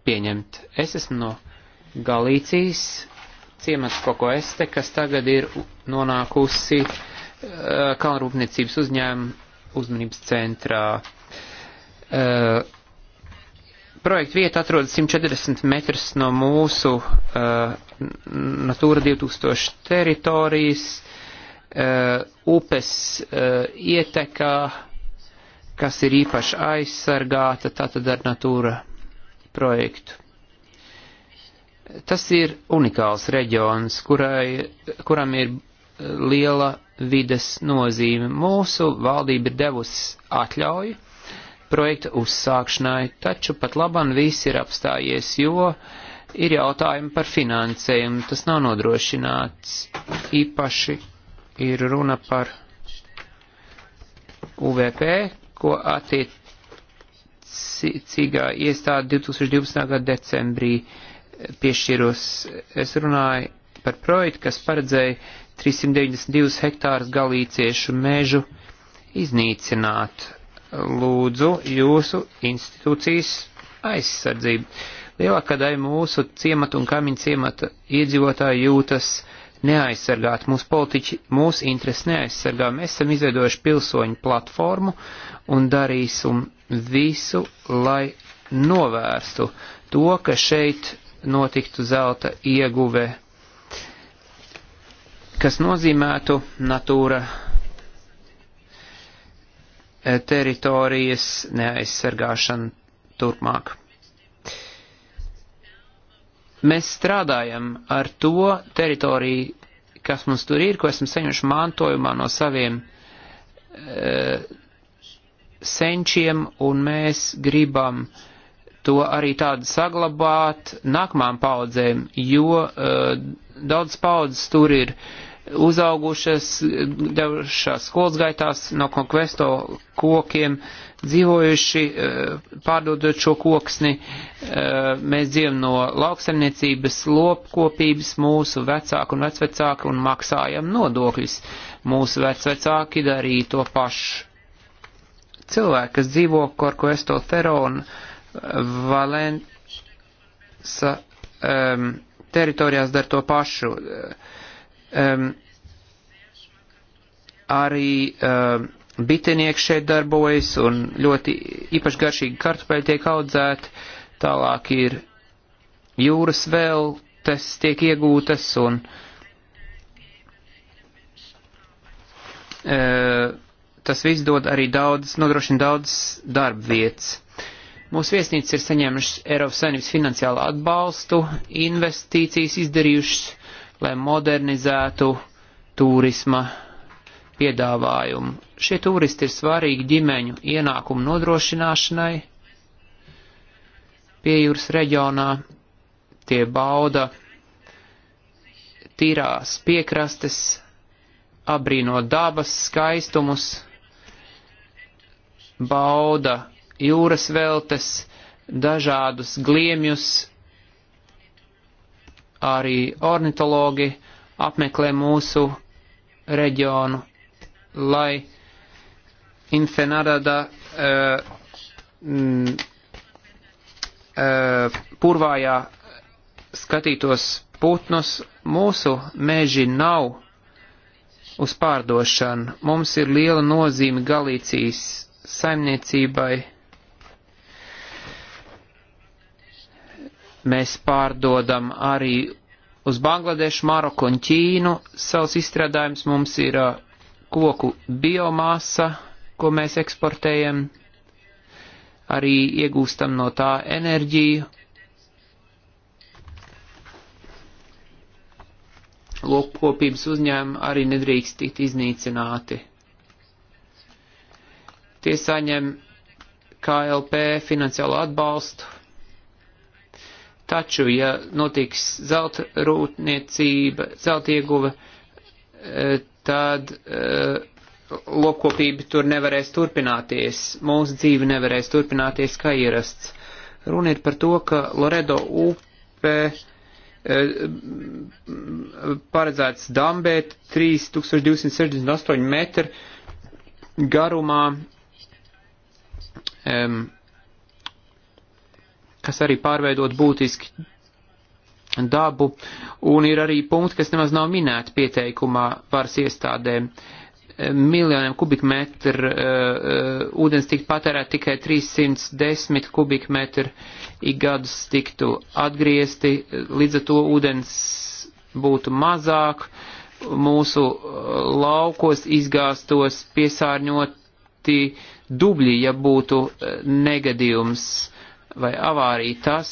pieņemt. Es esmu no Galīcijas ciemats Kokoeste, kas tagad ir nonākusi uh, kalnrūpniecības uzņēmuma uzmanības centrā. Uh, Uh, projekta vieta atrodas 140 metrus no mūsu uh, Natūra 2000 teritorijas, uh, upes uh, ietekā, kas ir īpaši aizsargāta, tātad ar Natūra projektu. Tas ir unikāls reģions, kurai, kuram ir liela vides nozīme. Mūsu valdība ir devusi atļauju projekta uzsākšanai, taču pat laban viss ir apstājies, jo ir jautājumi par finansējumu, tas nav nodrošināts. Īpaši ir runa par UVP, ko attiecīgā iestāde 2012. gada decembrī piešķiros. Es runāju par projektu, kas paredzēja 392 hektārus galīciešu mežu iznīcināt lūdzu jūsu institūcijas aizsardzību. Lielākā daļa mūsu ciemata un kaimiņu ciemata iedzīvotāji jūtas neaizsargāt. Mūsu politiķi mūsu intereses neaizsargā. Mēs esam izveidojuši pilsoņu platformu un darīsim visu, lai novērstu to, ka šeit notiktu zelta ieguve, kas nozīmētu Natūra Eh, teritorijas neaizsargāšana turpmāk. Mēs strādājam ar to teritoriju, kas mums tur ir, ko esam saņemši mantojumā no saviem uh, senčiem, un mēs gribam to arī tādu saglabāt nākamām paudzēm, jo uh, daudz paudzes tur ir uh, uzaugušas, devušās skolas gaitās no konkvesto kokiem, dzīvojuši, eh, pārdodot šo koksni. Eh, mēs dzīvojam no lauksaimniecības, lopkopības, mūsu vecāku un vecvecāku un maksājam nodokļus. Mūsu vecvecāki darīja to pašu. Cilvēki, kas dzīvo Korkoesto Feronu, eh, Valensa um, teritorijās dara to pašu. Uh, Um, arī um, bitenieki šeit darbojas un ļoti īpaši garšīgi kartupeļi tiek audzēti. Tālāk ir jūras vēltes tiek iegūtas un uh, tas viss dod arī daudz, nodrošina daudz darba vietas. Mūsu viesnīcas ir saņēmušas Eiropas Savienības finansiālu atbalstu, investīcijas izdarījušas lai modernizētu turisma piedāvājumu. Šie turisti ir svarīgi ģimeņu ienākumu nodrošināšanai pie jūras reģionā, tie bauda tīrās piekrastes, abrīno dabas skaistumus, bauda jūras veltes, dažādus gliemjus, arī ornitologi apmeklē mūsu reģionu, lai Infenarada uh, eh, m, mm, uh, eh, purvājā skatītos putnus, mūsu meži nav uz pārdošanu. Mums ir liela nozīme Galīcijas saimniecībai Mēs pārdodam arī uz Bangladešu, Maroku un Ķīnu savus izstrādājumus. Mums ir uh, koku biomasa, ko mēs eksportējam, arī iegūstam no tā enerģiju. Lopkopības uzņēmumi arī nedrīkst tikt iznīcināti. Tie saņem KLP finansiālu atbalstu Taču, ja notiks zelta rūpniecība, zelta ieguva, e, tad e, lopkopība tur nevarēs turpināties, mūsu dzīve nevarēs turpināties kā ierasts. Runa ir par to, ka Loredo upe e, paredzēts dambēt 3268 metru garumā. Um, kas arī pārveidot būtiski dabu, un ir arī punkti, kas nemaz nav minēti pieteikumā varas iestādēm. Miljoniem kubikmetru uh, uh, ūdens tiktu patērēt tikai 310 kubikmetru ik gadus tiktu atgriezti, līdz ar to ūdens būtu mazāk, mūsu eh, laukos izgāstos piesārņoti dubļi, ja būtu negadījums vai avārija, tas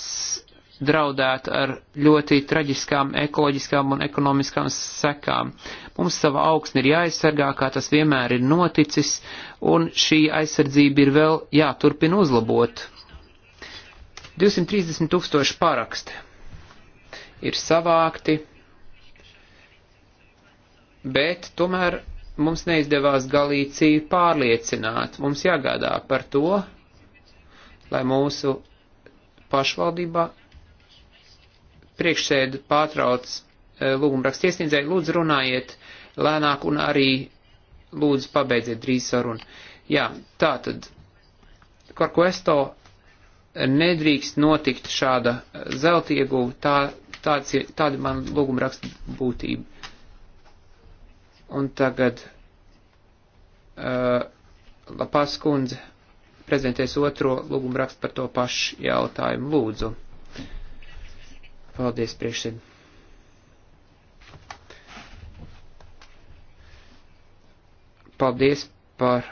draudētu ar ļoti traģiskām ekoloģiskām un ekonomiskām sekām. Mums sava augsne ir jāaizsargā, kā tas vienmēr ir noticis, un šī aizsardzība ir vēl jāturpina uzlabot. 230 tūkstoši paraksti ir savākti, bet tomēr mums neizdevās Galīciju pārliecināt. Mums jāgādā par to, lai mūsu pašvaldībā. Priekšsēdu pārtrauc e, lūgumraksts iesniedzēji, lūdzu runājiet lēnāk un arī lūdzu pabeidziet drīz sarunu. Jā, tā tad, Korkuesto e, nedrīkst notikt šāda e, zelta ieguva, tā, tāds, tāda man lūgumraksta būtība. Un tagad, uh, Lapas kundze prezentēs otro lūgumu rakstu par to pašu jautājumu. Lūdzu. Paldies, priekšsēd. Paldies par uh,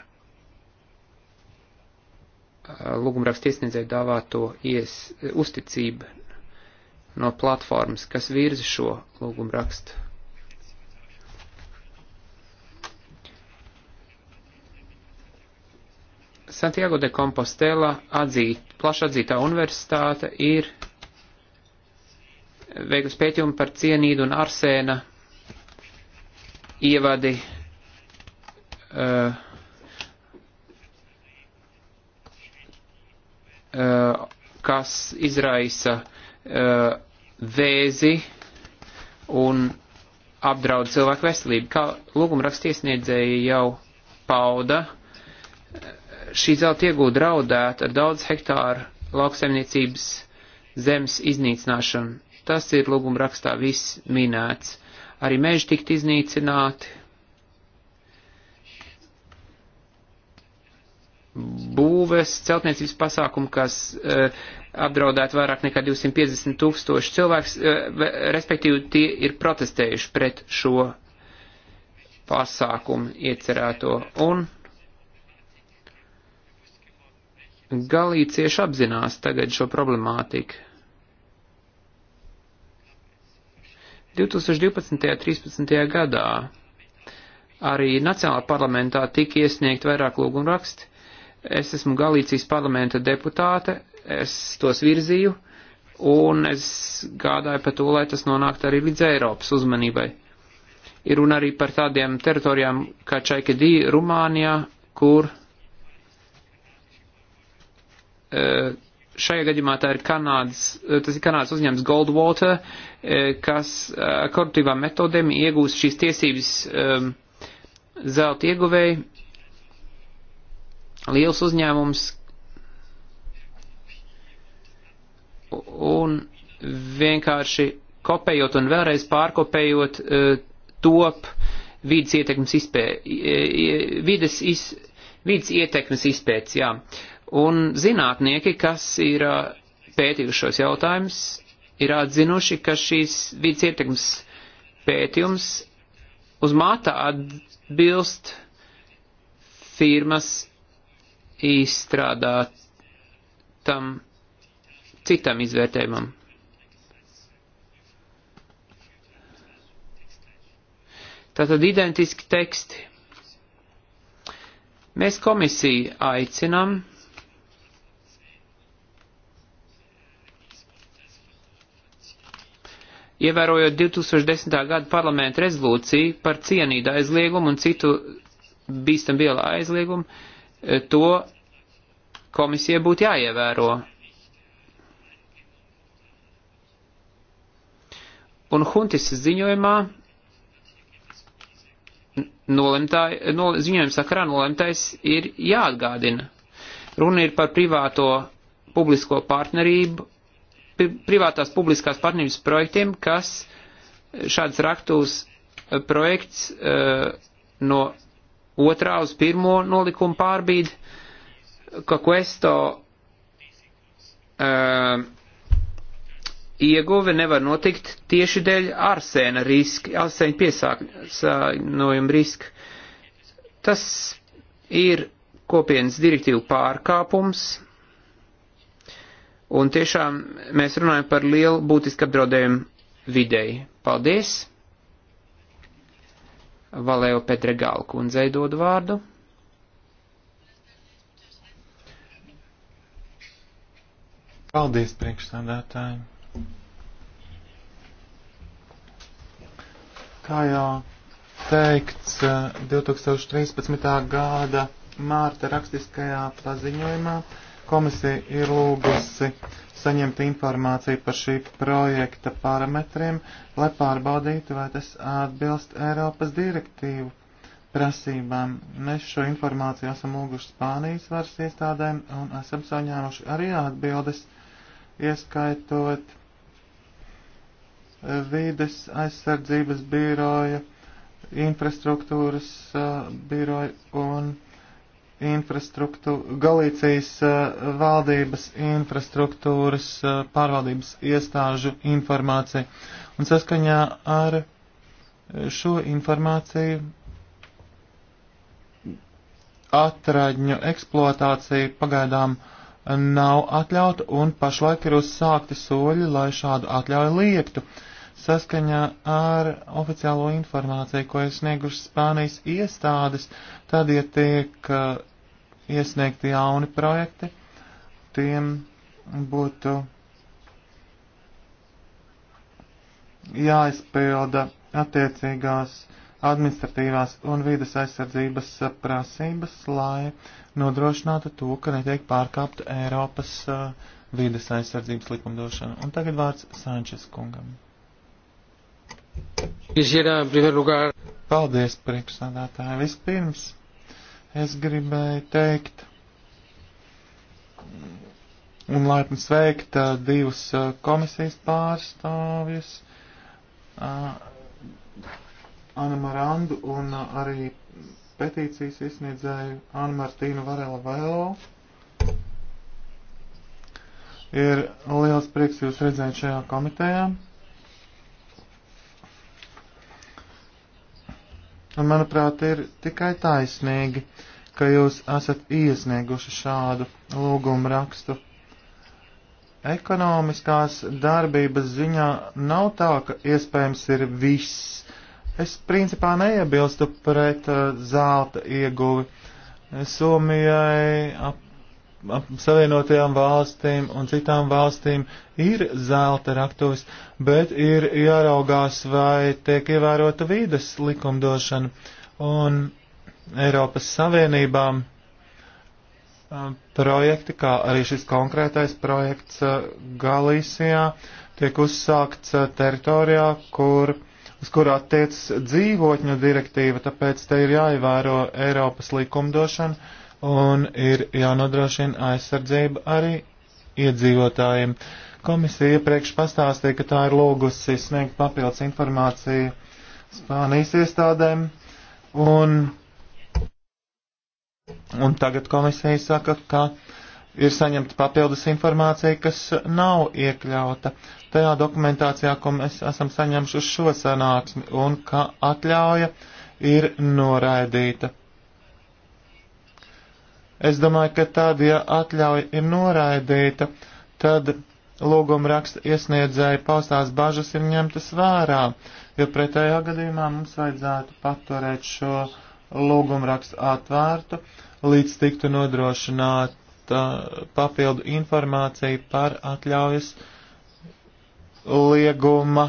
lūgumrakstu iesniedzēju dāvāto ies, uzticību no platformas, kas virza šo lūgumrakstu. Santiago de Compostela atzīt, plašatzītā universitāte ir veikusi pētījumu par cienīdu un arsēna ievadi uh, uh, kas izraisa uh, vēzi un apdraud cilvēku veselību. Kā lūgumrakstiesniedzēji jau pauda, uh, šī zelta iegūda raudēta ar daudz hektāru lauksaimniecības zemes iznīcināšanu. Tas ir lūguma rakstā viss minēts. Arī meži tikt iznīcināti. Būves celtniecības pasākumu, kas uh, apdraudētu vairāk nekā 250 tūkstoši cilvēks, uh, respektīvi tie ir protestējuši pret šo pasākumu iecerēto. Un galīcieši apzinās tagad šo problemātiku. 2012. un 2013. gadā arī Nacionālā parlamentā tika iesniegt vairāk lūgumu raksti. Es esmu Galīcijas parlamenta deputāte, es tos virzīju, un es gādāju par to, lai tas nonāktu arī līdz Eiropas uzmanībai. Ir runa arī par tādiem teritorijām kā Čaikedī, Rumānijā, kur Eh, šajā gadījumā tā ir Kanādas, eh, tas ir Kanādas uzņēmums Goldwater, eh, kas koruptīvām metodēm iegūst šīs tiesības zelta ieguvēji. Liels uzņēmums, un vienkārši kopējot un vēlreiz pārkopējot top vidas ietekmes izpē, vides, iz, vides ietekmes izpētes, jā. Un zinātnieki, kas ir uh, pētījuši šos jautājumus, ir atzinuši, ka šīs vidas ietekmes pētījums uz māta atbilst firmas izstrādātam citam izvērtējumam. Tātad identiski teksti. Mēs komisiju aicinām Ievērojot 2010. gada parlamenta rezolūciju par cienīdu aizliegumu un citu bīstam vielu aizliegumu, e, to komisija būtu jāievēro. Un Huntis ziņojumā nolemtā, no, ziņojuma sakarā nolemtais ir jāatgādina. Runa ir par privāto publisko partnerību privātās publiskās partnerības projektiem, kas šāds raktūs eh, projekts eh, no otrā uz pirmo nolikumu pārbīd, ka questo eh, ieguve nevar notikt tieši dēļ arsēna riska, arsēna piesāknojuma riska. Tas ir kopienas direktīvu pārkāpums, Un tiešām mēs runājam par lielu būtisku apdraudējumu videi. Paldies! Valēju Petregālu kundzei dodu vārdu. Paldies, priekšsādātāji! Kā jau teikts eh, 2013. gada mārta rakstiskajā paziņojumā, Komisija ir lūgusi saņemt informāciju par šī projekta parametriem, lai pārbaudītu, vai tas atbilst Eiropas direktīvu prasībām. Mēs šo informāciju esam lūguši Spānijas varas iestādēm un esam saņēmuši arī atbildes, ieskaitot vīdes aizsardzības biroja, infrastruktūras uh, biroja un infrastruktūra, Galīcijas eh, valdības infrastruktūras eh, pārvaldības iestāžu informācija. Un saskaņā ar eh, šo informāciju atraģņu eksploatācija pagaidām nav atļauta un pašlaik ir uzsākti soļi, lai šādu atļauju liektu. Saskaņā ar oficiālo informāciju, ko ir sniegušas Spānijas iestādes, tad, ja tiek iesniegti jauni projekti, tiem būtu jāizpilda attiecīgās administratīvās un vides aizsardzības prasības, lai nodrošinātu to, ka netiek pārkāpta Eiropas uh, vides aizsardzības likumdošana. Un tagad vārds Sančes kungam. Paldies, priekšsādātāji. Vispirms es gribēju teikt un laipni sveikt uh, divus uh, komisijas pārstāvjus, uh, Anu Marandu un arī petīcijas izsniedzēju Anu Martīnu Varela Vēlo. Ir liels prieks jūs redzēt šajā komitejā. Un, manuprāt, ir tikai taisnīgi, ka jūs esat iesnieguši šādu lūgumu rakstu. Ekonomiskās darbības ziņā nav tā, ka iespējams ir viss. Es principā neiebilstu pret uh, zelta ieguvi. Somijai ap Savienotajām valstīm un citām valstīm ir zelta raktos, bet ir jāraugās, vai tiek ievērota vīdes likumdošana. Un Eiropas Savienībām um, projekti, kā arī šis konkrētais projekts uh, Galīsijā, tiek uzsākts uh, teritorijā, kur, uz kur attiec dzīvotņu direktīva, tāpēc te ir jāievēro Eiropas likumdošana un ir jānodrošina aizsardzība arī iedzīvotājiem. Komisija iepriekš pastāstīja, ka tā ir lūgusi sniegt papildus informāciju Spānijas iestādēm, un, un tagad komisija saka, ka ir saņemta papildus informācija, kas nav iekļauta tajā dokumentācijā, ko mēs esam saņemši uz šo sanāksmi, un ka atļauja ir noraidīta. Es domāju, ka tad, ja atļauja ir noraidīta, tad lūguma raksta iesniedzēja paustās bažas ir ņemtas vērā, jo pretējā gadījumā mums vajadzētu paturēt šo lūguma rakstu atvērtu, līdz tiktu nodrošināta papildu informācija par atļaujas lieguma,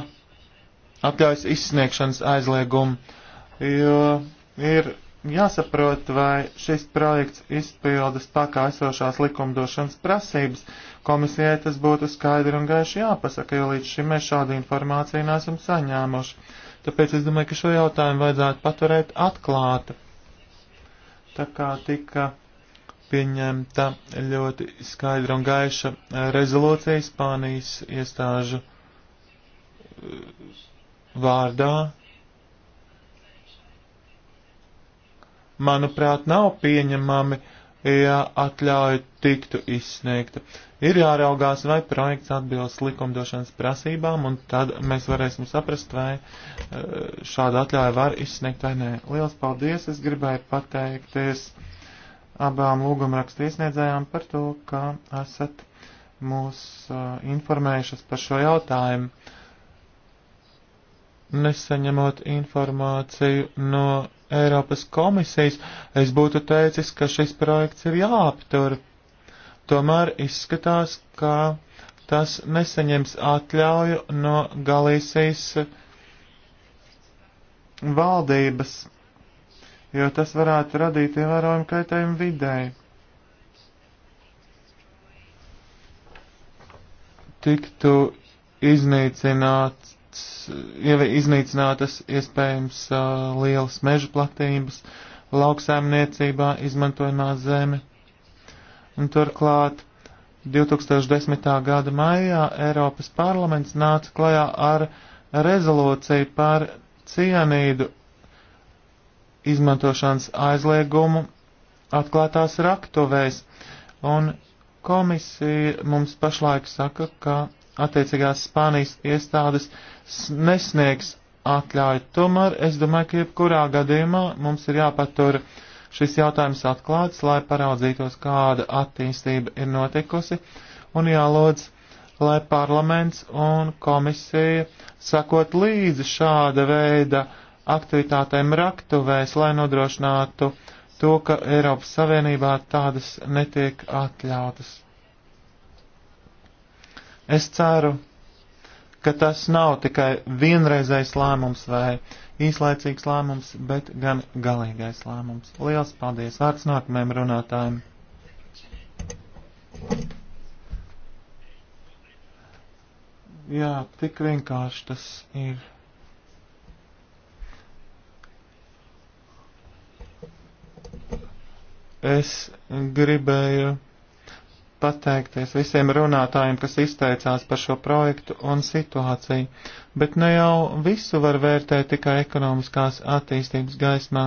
atļaujas izsniegšanas aizliegumu, jo ir Jāsaprot, vai šis projekts izpilda spēkā esošās likumdošanas prasības. Komisijai tas būtu skaidri un gaiši jāpasaka, jo līdz šim mēs šādu informāciju neesam saņēmuši. Tāpēc es domāju, ka šo jautājumu vajadzētu paturēt atklātu. Tā kā tika pieņemta ļoti skaidra un gaiša rezolūcija Spānijas iestāžu uh, vārdā, manuprāt, nav pieņemami, ja atļauja tiktu izsniegta. Ir jāraugās, vai projekts atbilst likumdošanas prasībām, un tad mēs varēsim saprast, vai eh, šāda atļauja var izsniegt vai nē. Liels paldies! Es gribēju pateikties abām lūgumrakstu iesniedzējām par to, ka esat mūs eh, informējušas par šo jautājumu nesaņemot informāciju no Eiropas komisijas, es būtu teicis, ka šis projekts ir jāaptur. Tomēr izskatās, ka tas nesaņems atļauju no Galīsijas valdības, jo tas varētu radīt ievērojumu kaitējumu videi. Tiktu iznīcināts iznīcinātas iespējams lielas meža platības, lauksaimniecībā izmantojamā zeme. Un turklāt 2010. gada maijā Eiropas parlaments nāca klajā ar rezolūciju par cienīdu izmantošanas aizliegumu atklātās raktuvēs, un komisija mums pašlaik saka, ka attiecīgās Spānijas iestādes nesniegs atļauju. Tomēr es domāju, ka jebkurā gadījumā mums ir jāpatur šis jautājums atklāts, lai paraudzītos, kāda attīstība ir notikusi, un jālodz, lai parlaments un komisija sakot līdzi šāda veida aktivitātēm raktuvēs, lai nodrošinātu to, ka Eiropas Savienībā tādas netiek atļautas. Es ceru, ka tas nav tikai vienreizējs lēmums vai īslaicīgs lēmums, bet gan galīgais lēmums. Lielas paldies! Vārds nākamajam runātājiem! Jā, tik vienkārši tas ir. Es gribēju pateikties visiem runātājiem, kas izteicās par šo projektu un situāciju, bet ne jau visu var vērtēt tikai ekonomiskās attīstības gaismā.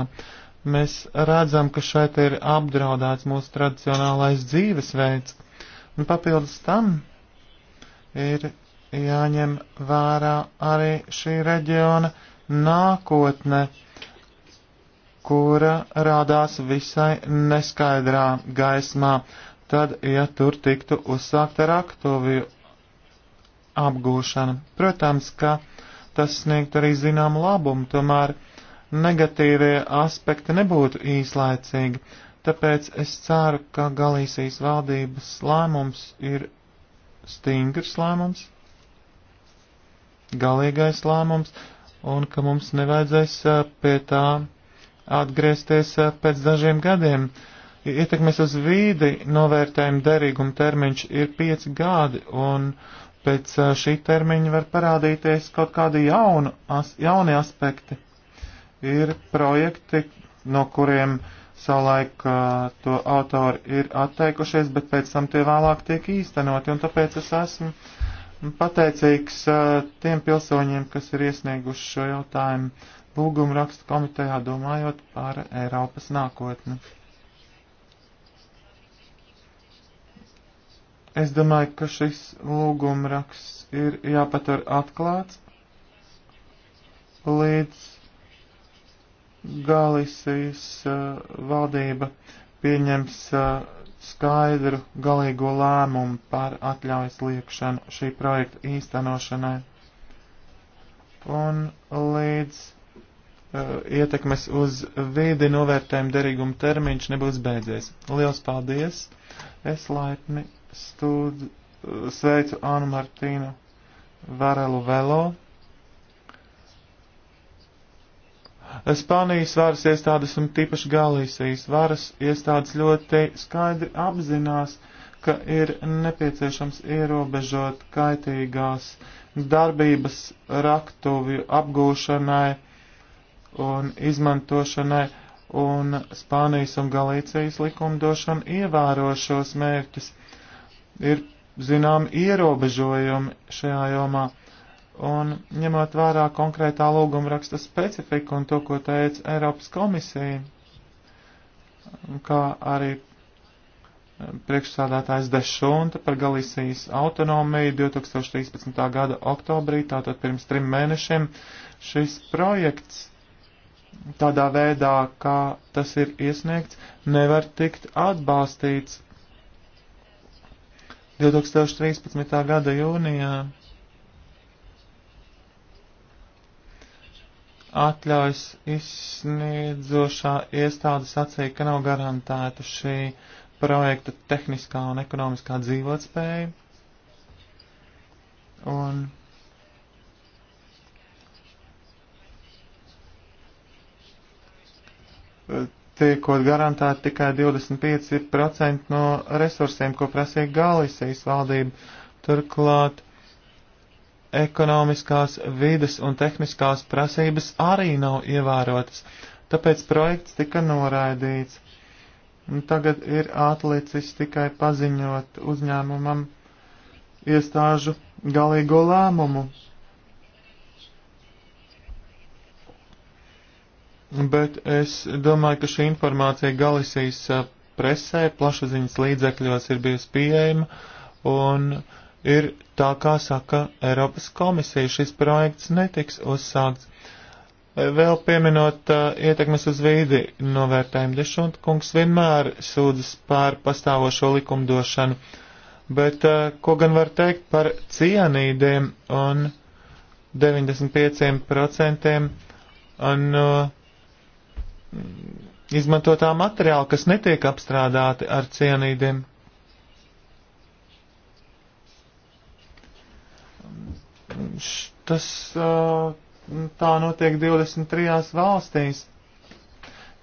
Mēs redzam, ka šeit ir apdraudēts mūsu tradicionālais dzīvesveids, un papildus tam ir jāņem vērā arī šī reģiona nākotne, kura rādās visai neskaidrā gaismā tad, ja tur tiktu uzsākta raktuvju apgūšana. Protams, ka tas sniegt arī zināmu labumu, tomēr negatīvie aspekti nebūtu īslaicīgi, tāpēc es ceru, ka Galīsijas valdības lēmums ir stingrs lēmums, galīgais lēmums, un ka mums nevajadzēs eh, pie tā atgriezties eh, pēc dažiem gadiem. Uh, Ietekmes uz vīdi novērtējuma derīguma termiņš ir 5 gadi, un pēc šī termiņa var parādīties kaut kādi jaunu, as, jauni aspekti. Ir projekti, no kuriem savulaik uh, to autori ir atteikušies, bet pēc tam tie vēlāk tiek īstenoti, un tāpēc es esmu pateicīgs uh, tiem pilsoņiem, kas ir iesnieguši šo jautājumu lūgumu rakstu komitejā, domājot par Eiropas nākotni. Es domāju, ka šis lūgumraksts ir jāpatur atklāts līdz Galisijas uh, valdība pieņems uh, skaidru galīgo lēmumu par atļaujas liekšanu šī projekta īstenošanai. Un līdz uh, ietekmes uz vīdi novērtējuma derīguma termiņš nebūs beidzies. Liels paldies! Es laipni stūd, sveicu Anu Martīnu Varelu Velo. Spānijas varas iestādes un tīpaši Galīsijas varas iestādes ļoti skaidri apzinās, ka ir nepieciešams ierobežot kaitīgās darbības raktuvju apgūšanai un izmantošanai, un Spānijas un Galīcijas likumdošana ievēro šos mērķus ir zinām ierobežojumi šajā jomā. Un ņemot vērā konkrētā lūguma raksta specifiku un to, ko teica Eiropas komisija, kā arī priekšsādātājs Dešunta par Galisijas autonomiju 2013. gada oktobrī, tātad pirms trim mēnešiem, šis projekts tādā veidā, kā tas ir iesniegts, nevar tikt atbalstīts 2013. gada jūnijā atļaujas izsniedzošā iestāde sacīja, ka nav garantēta šī projekta tehniskā un ekonomiskā dzīvotspēja. Un tiekot garantēti tikai 25% no resursiem, ko prasīja Gālisijas valdība. Turklāt ekonomiskās, vides un tehniskās prasības arī nav ievērotas, tāpēc projekts tika noraidīts. Un tagad ir atlicis tikai paziņot uzņēmumam iestāžu galīgo lēmumu, bet es domāju, ka šī informācija Galisijas presē, plašsaziņas līdzekļos ir bijusi pieejama, un ir tā kā saka Eiropas komisija, šis projekts netiks uzsākts. E, vēl pieminot uh, ietekmes uz vīdi novērtējumu, Dešunta kungs vienmēr sūdzas par pastāvošo likumdošanu, bet uh, ko gan var teikt par cianīdiem un 95% no izmantotā materiāla, kas netiek apstrādāti ar cienīdiem. Tas tā notiek 23 valstīs.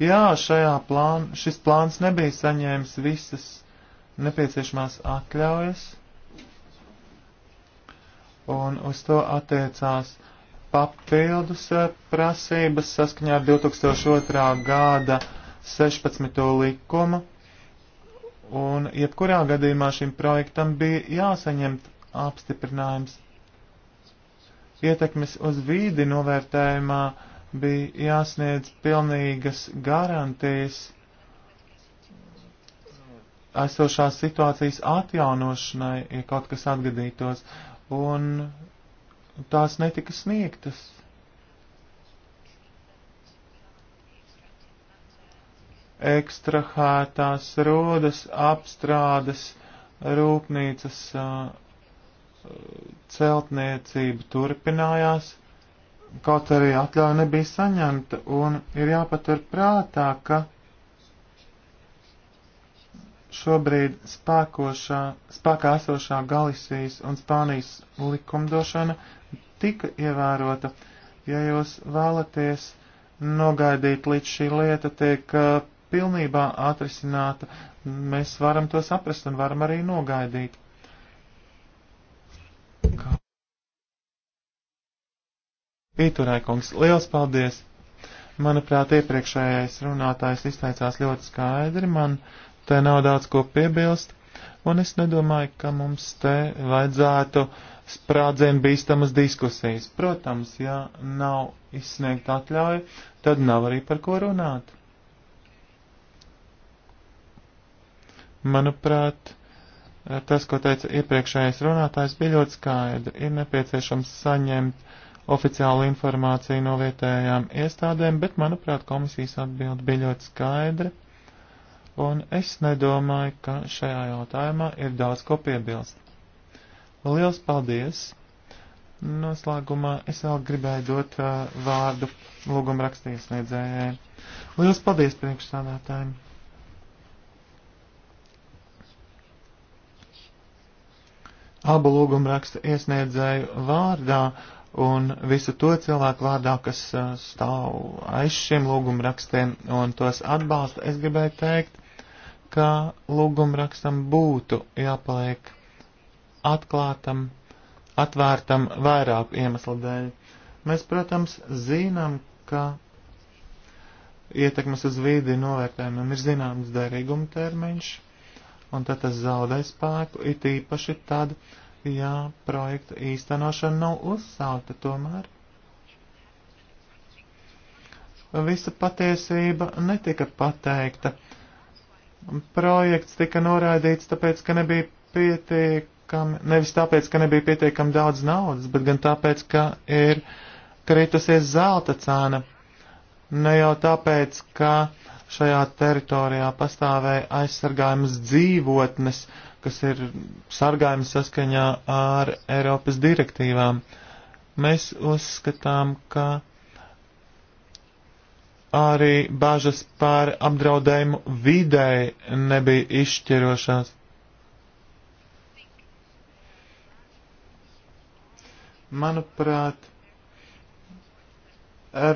Jā, šajā plān, šis plāns nebija saņēmis visas nepieciešamās atļaujas, un uz to attiecās uh, papildus eh, prasības saskaņā ar 2002. gada 16. likumu, un jebkurā gadījumā šim projektam bija jāsaņem apstiprinājums. Ietekmes uz vīdi novērtējumā bija jāsniedz pilnīgas garantijas esošās situācijas atjaunošanai, ja kaut kas atgadītos, un Nu, tās netika sniegtas. Ekstrahētās rodas, apstrādes, rūpnīcas celtniecība turpinājās, kaut arī atļauja nebija saņemta, un ir jāpatur prātā, ka Šobrīd spēkošā, spēkā esošā Galisijas un Spānijas likumdošana tika ievērota. Ja jūs vēlaties nogaidīt līdz šī lieta tiek uh, pilnībā atrisināta, mēs varam to saprast un varam arī nogaidīt. Kā? Pīturēkungs, liels paldies! Manuprāt, iepriekšējais runātājs izteicās ļoti skaidri. Man Te nav daudz ko piebilst, un es nedomāju, ka mums te vajadzētu sprādzienu bīstamas diskusijas. Protams, ja nav izsniegta atļauja, tad nav arī par ko runāt. Manuprāt, tas, ko teica iepriekšējais runātājs, bija ļoti skaidri. Ir nepieciešams saņemt oficiālu informāciju no vietējām iestādēm, bet, manuprāt, komisijas atbildi bija ļoti skaidri un es nedomāju, ka šajā jautājumā ir daudz ko piebilst. Liels paldies! Noslēgumā es vēl gribēju dot uh, vārdu lūguma rakstīsniedzējai. Liels paldies priekšstādātājiem! Abu lūguma raksta iesniedzēju vārdā un visu to cilvēku vārdā, kas uh, stāv aiz šiem lūgumrakstiem un tos atbalsta, es gribēju teikt, ka lūgumrakstam būtu jāpaliek atklātam, atvērtam vairāk iemeslu dēļ. Mēs, protams, zinām, ka ietekmes uz vīdi novērtējumam ir zināms derīguma termiņš, un tad tas zaudē spēku, it īpaši tad, ja projekta īstenošana nav uzsākta tomēr. Visa patiesība netika pateikta Projekts tika noraidīts tāpēc, ka nebija pietiekami, nevis tāpēc, ka nebija pietiekami daudz naudas, bet gan tāpēc, ka ir kritusies zelta cena. Ne jau tāpēc, ka šajā teritorijā pastāvēja aizsargājumas dzīvotnes, kas ir sargājumas saskaņā ar Eiropas direktīvām. Mēs uzskatām, ka arī bažas par apdraudējumu videi nebija izšķirošās. Manuprāt,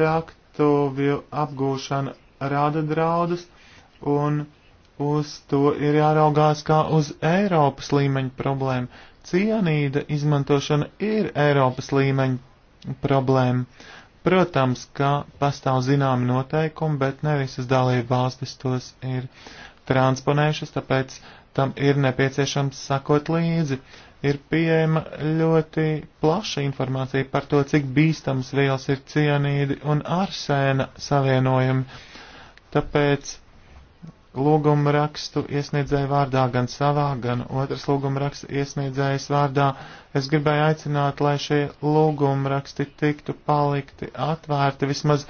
raktuvju apgūšana rada draudus, un uz to ir jāraugās kā uz Eiropas līmeņa problēmu. Cienīda izmantošana ir Eiropas līmeņa problēma Protams, ka pastāv zināmi noteikumi, bet ne visas dalība valstis tos ir transponējušas, tāpēc tam ir nepieciešams sakot līdzi. Ir pieejama ļoti plaša informācija par to, cik bīstams vielas ir cianīdi un arsēna savienojumi. Tāpēc lūguma rakstu iesniedzēju vārdā, gan savā, gan otras lūguma rakstu iesniedzējas vārdā. Es gribēju aicināt, lai šie lūguma raksti tiktu palikti atvērti vismaz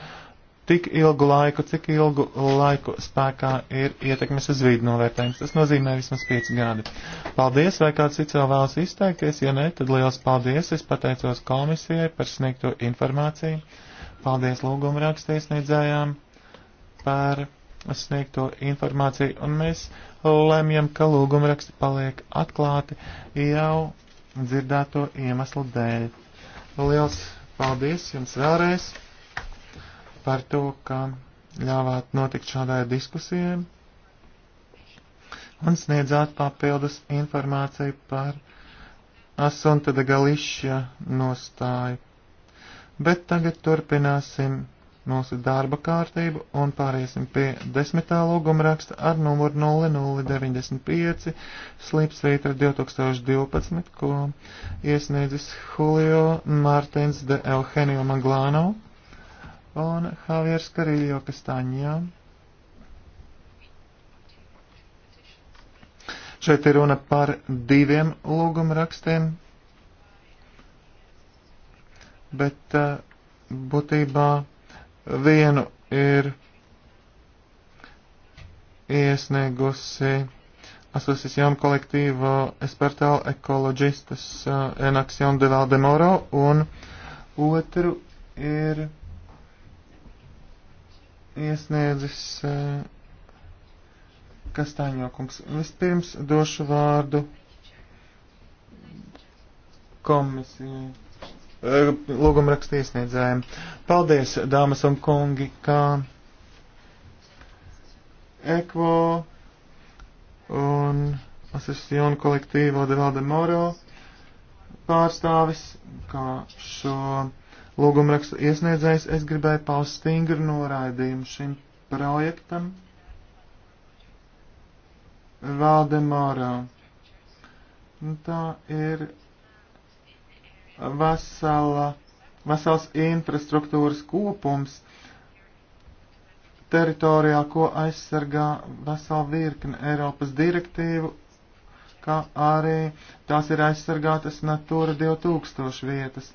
tik ilgu laiku, cik ilgu laiku spēkā ir ietekmes uz vīdu novērtējums. Tas nozīmē vismaz 5 gadi. Paldies, vai kāds cits vēl vēlas izteikties? Ja nē, tad liels paldies. Es pateicos komisijai par sniegto informāciju. Paldies lūguma rakstu iesniedzējām par sniegto informāciju, un mēs lemjam, ka lūguma raksti paliek atklāti jau dzirdēto iemeslu dēļ. Liels paldies jums vēlreiz par to, ka ļāvāt notikt šādai diskusijai un sniedzāt papildus informāciju par Asunta de Gališja nostāju. Bet tagad turpināsim mūsu darba kārtību un pāriesim pie desmitā lūguma raksta ar numuru 0095 slīpsvītra 2012, ko iesniedzis Julio Martins de Eugenio Maglano un Javiers Karillo Kastaņā. Šeit ir runa par diviem lūguma rakstiem, bet uh, būtībā Vienu ir iesniegusi Asociación Colectivo Espertal Ekoloģistas eh, en Acción de Valdemoro un otru ir iesniedzis eh, Kastāņokums. Vispirms došu vārdu komisijai. Eh, lūguma rakstīsniedzējiem. Paldies, dāmas un kungi, kā Ekvo un Asociācionu kolektīvo de Valdemoro pārstāvis, kā šo lūguma rakstu iesniedzējs, es gribēju paust stingru noraidījumu šim projektam. Valdemoro. Nu, tā ir vesela, vesels infrastruktūras kopums teritorijā, ko aizsargā vesela virkne Eiropas direktīvu, kā arī tās ir aizsargātas Natūra 2000 vietas.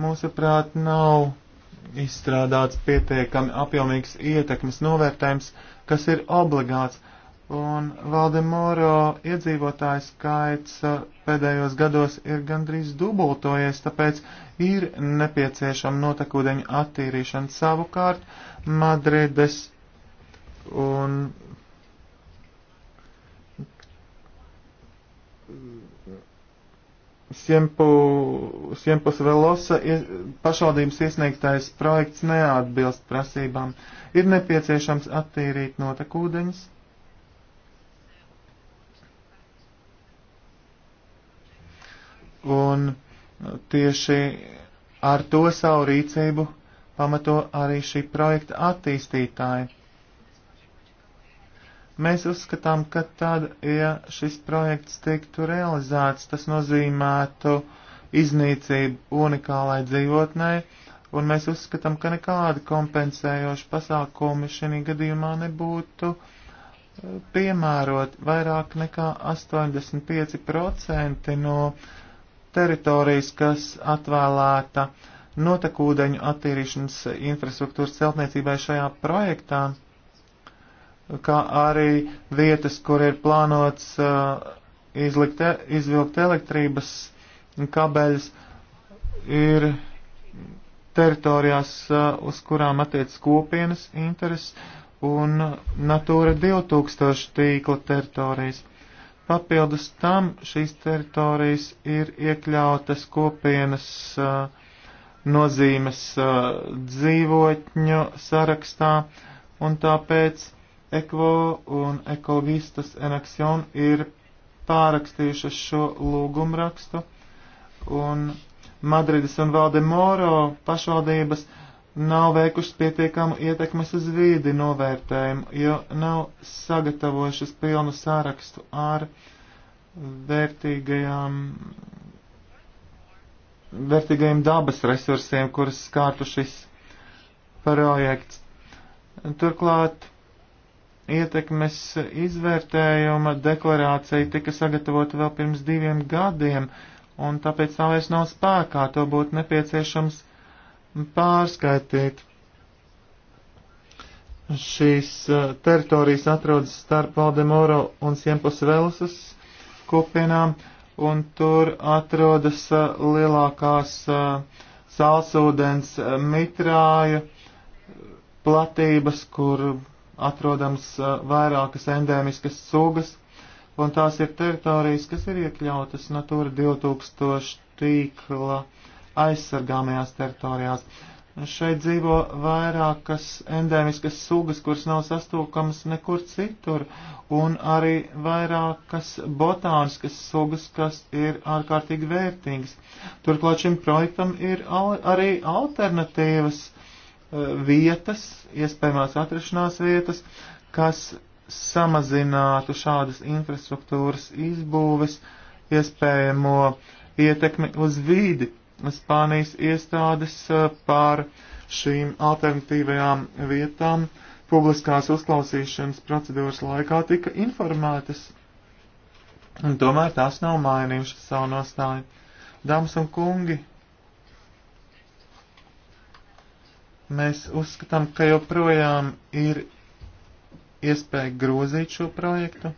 Mūsuprāt, nav izstrādāts pietiekami apjomīgs ietekmes novērtējums, kas ir obligāts un Valdemoro iedzīvotāju skaits uh, pēdējos gados ir gandrīz dubultojies, tāpēc ir nepieciešama notekūdeņa attīrīšana savukārt Madrides un Siempu, Siempus Velosa pašvaldības iesniegtais projekts neatbilst prasībām. Ir nepieciešams attīrīt notekūdeņus un uh, tieši ar to savu rīcību pamato arī šī projekta attīstītāji. Mēs uzskatām, ka tad, ja šis projekts tiktu realizēts, tas nozīmētu iznīcību unikālai dzīvotnei, un mēs uzskatām, ka nekādi kompensējoši pasākumi šī gadījumā nebūtu uh, piemērot vairāk nekā 85% no uh, teritorijas, kas atvēlēta notekūdeņu attīrīšanas infrastruktūras celtniecībai šajā projektā, kā arī vietas, kur ir plānots uh, izlikt, e, izvilkt elektrības kabeļus, ir teritorijās, uh, uz kurām attiec kopienas intereses un Natūra 2000 tīkla teritorijas. Papildus tam šīs teritorijas ir iekļautas kopienas uh, nozīmes uh, dzīvotņu sarakstā, un tāpēc ECVO un ekologistas Enaksion ir pārakstījušas šo lūgumrakstu, un Madrides un Valdemoro pašvaldības uh, nav veikušas pietiekamu ietekmes uz vīdi novērtējumu, jo nav sagatavojušas pilnu sārakstu ar vērtīgajām, vērtīgajiem dabas resursiem, kuras skārtu šis projekts. Turklāt ietekmes izvērtējuma deklarācija tika sagatavota vēl pirms diviem gadiem, un tāpēc tā vairs nav spēkā, to būtu nepieciešams pārskaitīt. Šīs eh, teritorijas atrodas starp Valdemoro un Siempusvelsas kopienām, un tur atrodas eh, lielākās eh, salsūdens mitrāja platības, kur atrodams vairākas endēmiskas sugas, un tās ir teritorijas, kas ir iekļautas Natura 2000 tīkla aizsargāmajās teritorijās. Šeit dzīvo vairākas endēmiskas sugas, kuras nav sastopamas nekur citur, un arī vairākas botāniskas sugas, kas ir ārkārtīgi vērtīgas. Turklāt šim projektam ir al arī alternatīvas e, vietas, iespējamās atrašanās vietas, kas samazinātu šādas infrastruktūras izbūves iespējamo ietekmi uz vīdi Spānijas iestādes par šīm alternatīvajām vietām publiskās uzklausīšanas procedūras laikā tika informētas, un tomēr tās nav mainījušas savu nostāju. Dāmas un kungi, mēs uzskatām, ka joprojām ir iespēja grozīt šo projektu.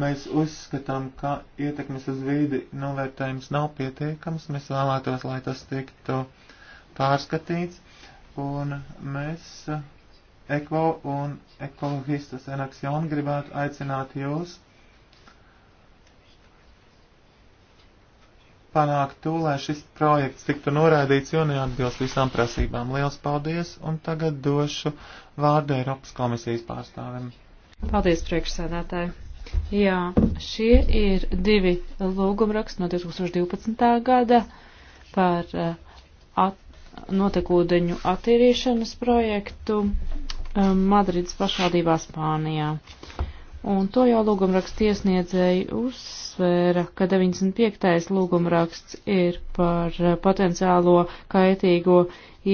mēs uzskatām, ka ietekmes uz vīdi novērtējums nav pietiekams, mēs vēlētos, lai tas tiktu pārskatīts, un mēs Eko un ekologistas Enaks Jaun gribētu aicināt jūs panākt to, lai šis projekts tiktu norādīts, jo neatbilst visām prasībām. Liels paldies, un tagad došu vārdu Eiropas komisijas pārstāvim. Paldies, priekšsēdētāji! Jā, šie ir divi lūgumraksti no 2012. gada par eh, at, notekūdeņu attīrīšanas projektu eh, Madrids pašvaldībā Spānijā. Un to jau lūgumraksts iesniedzēji uzsvēra, ka 95. lūgumraksts ir par eh, potenciālo kaitīgo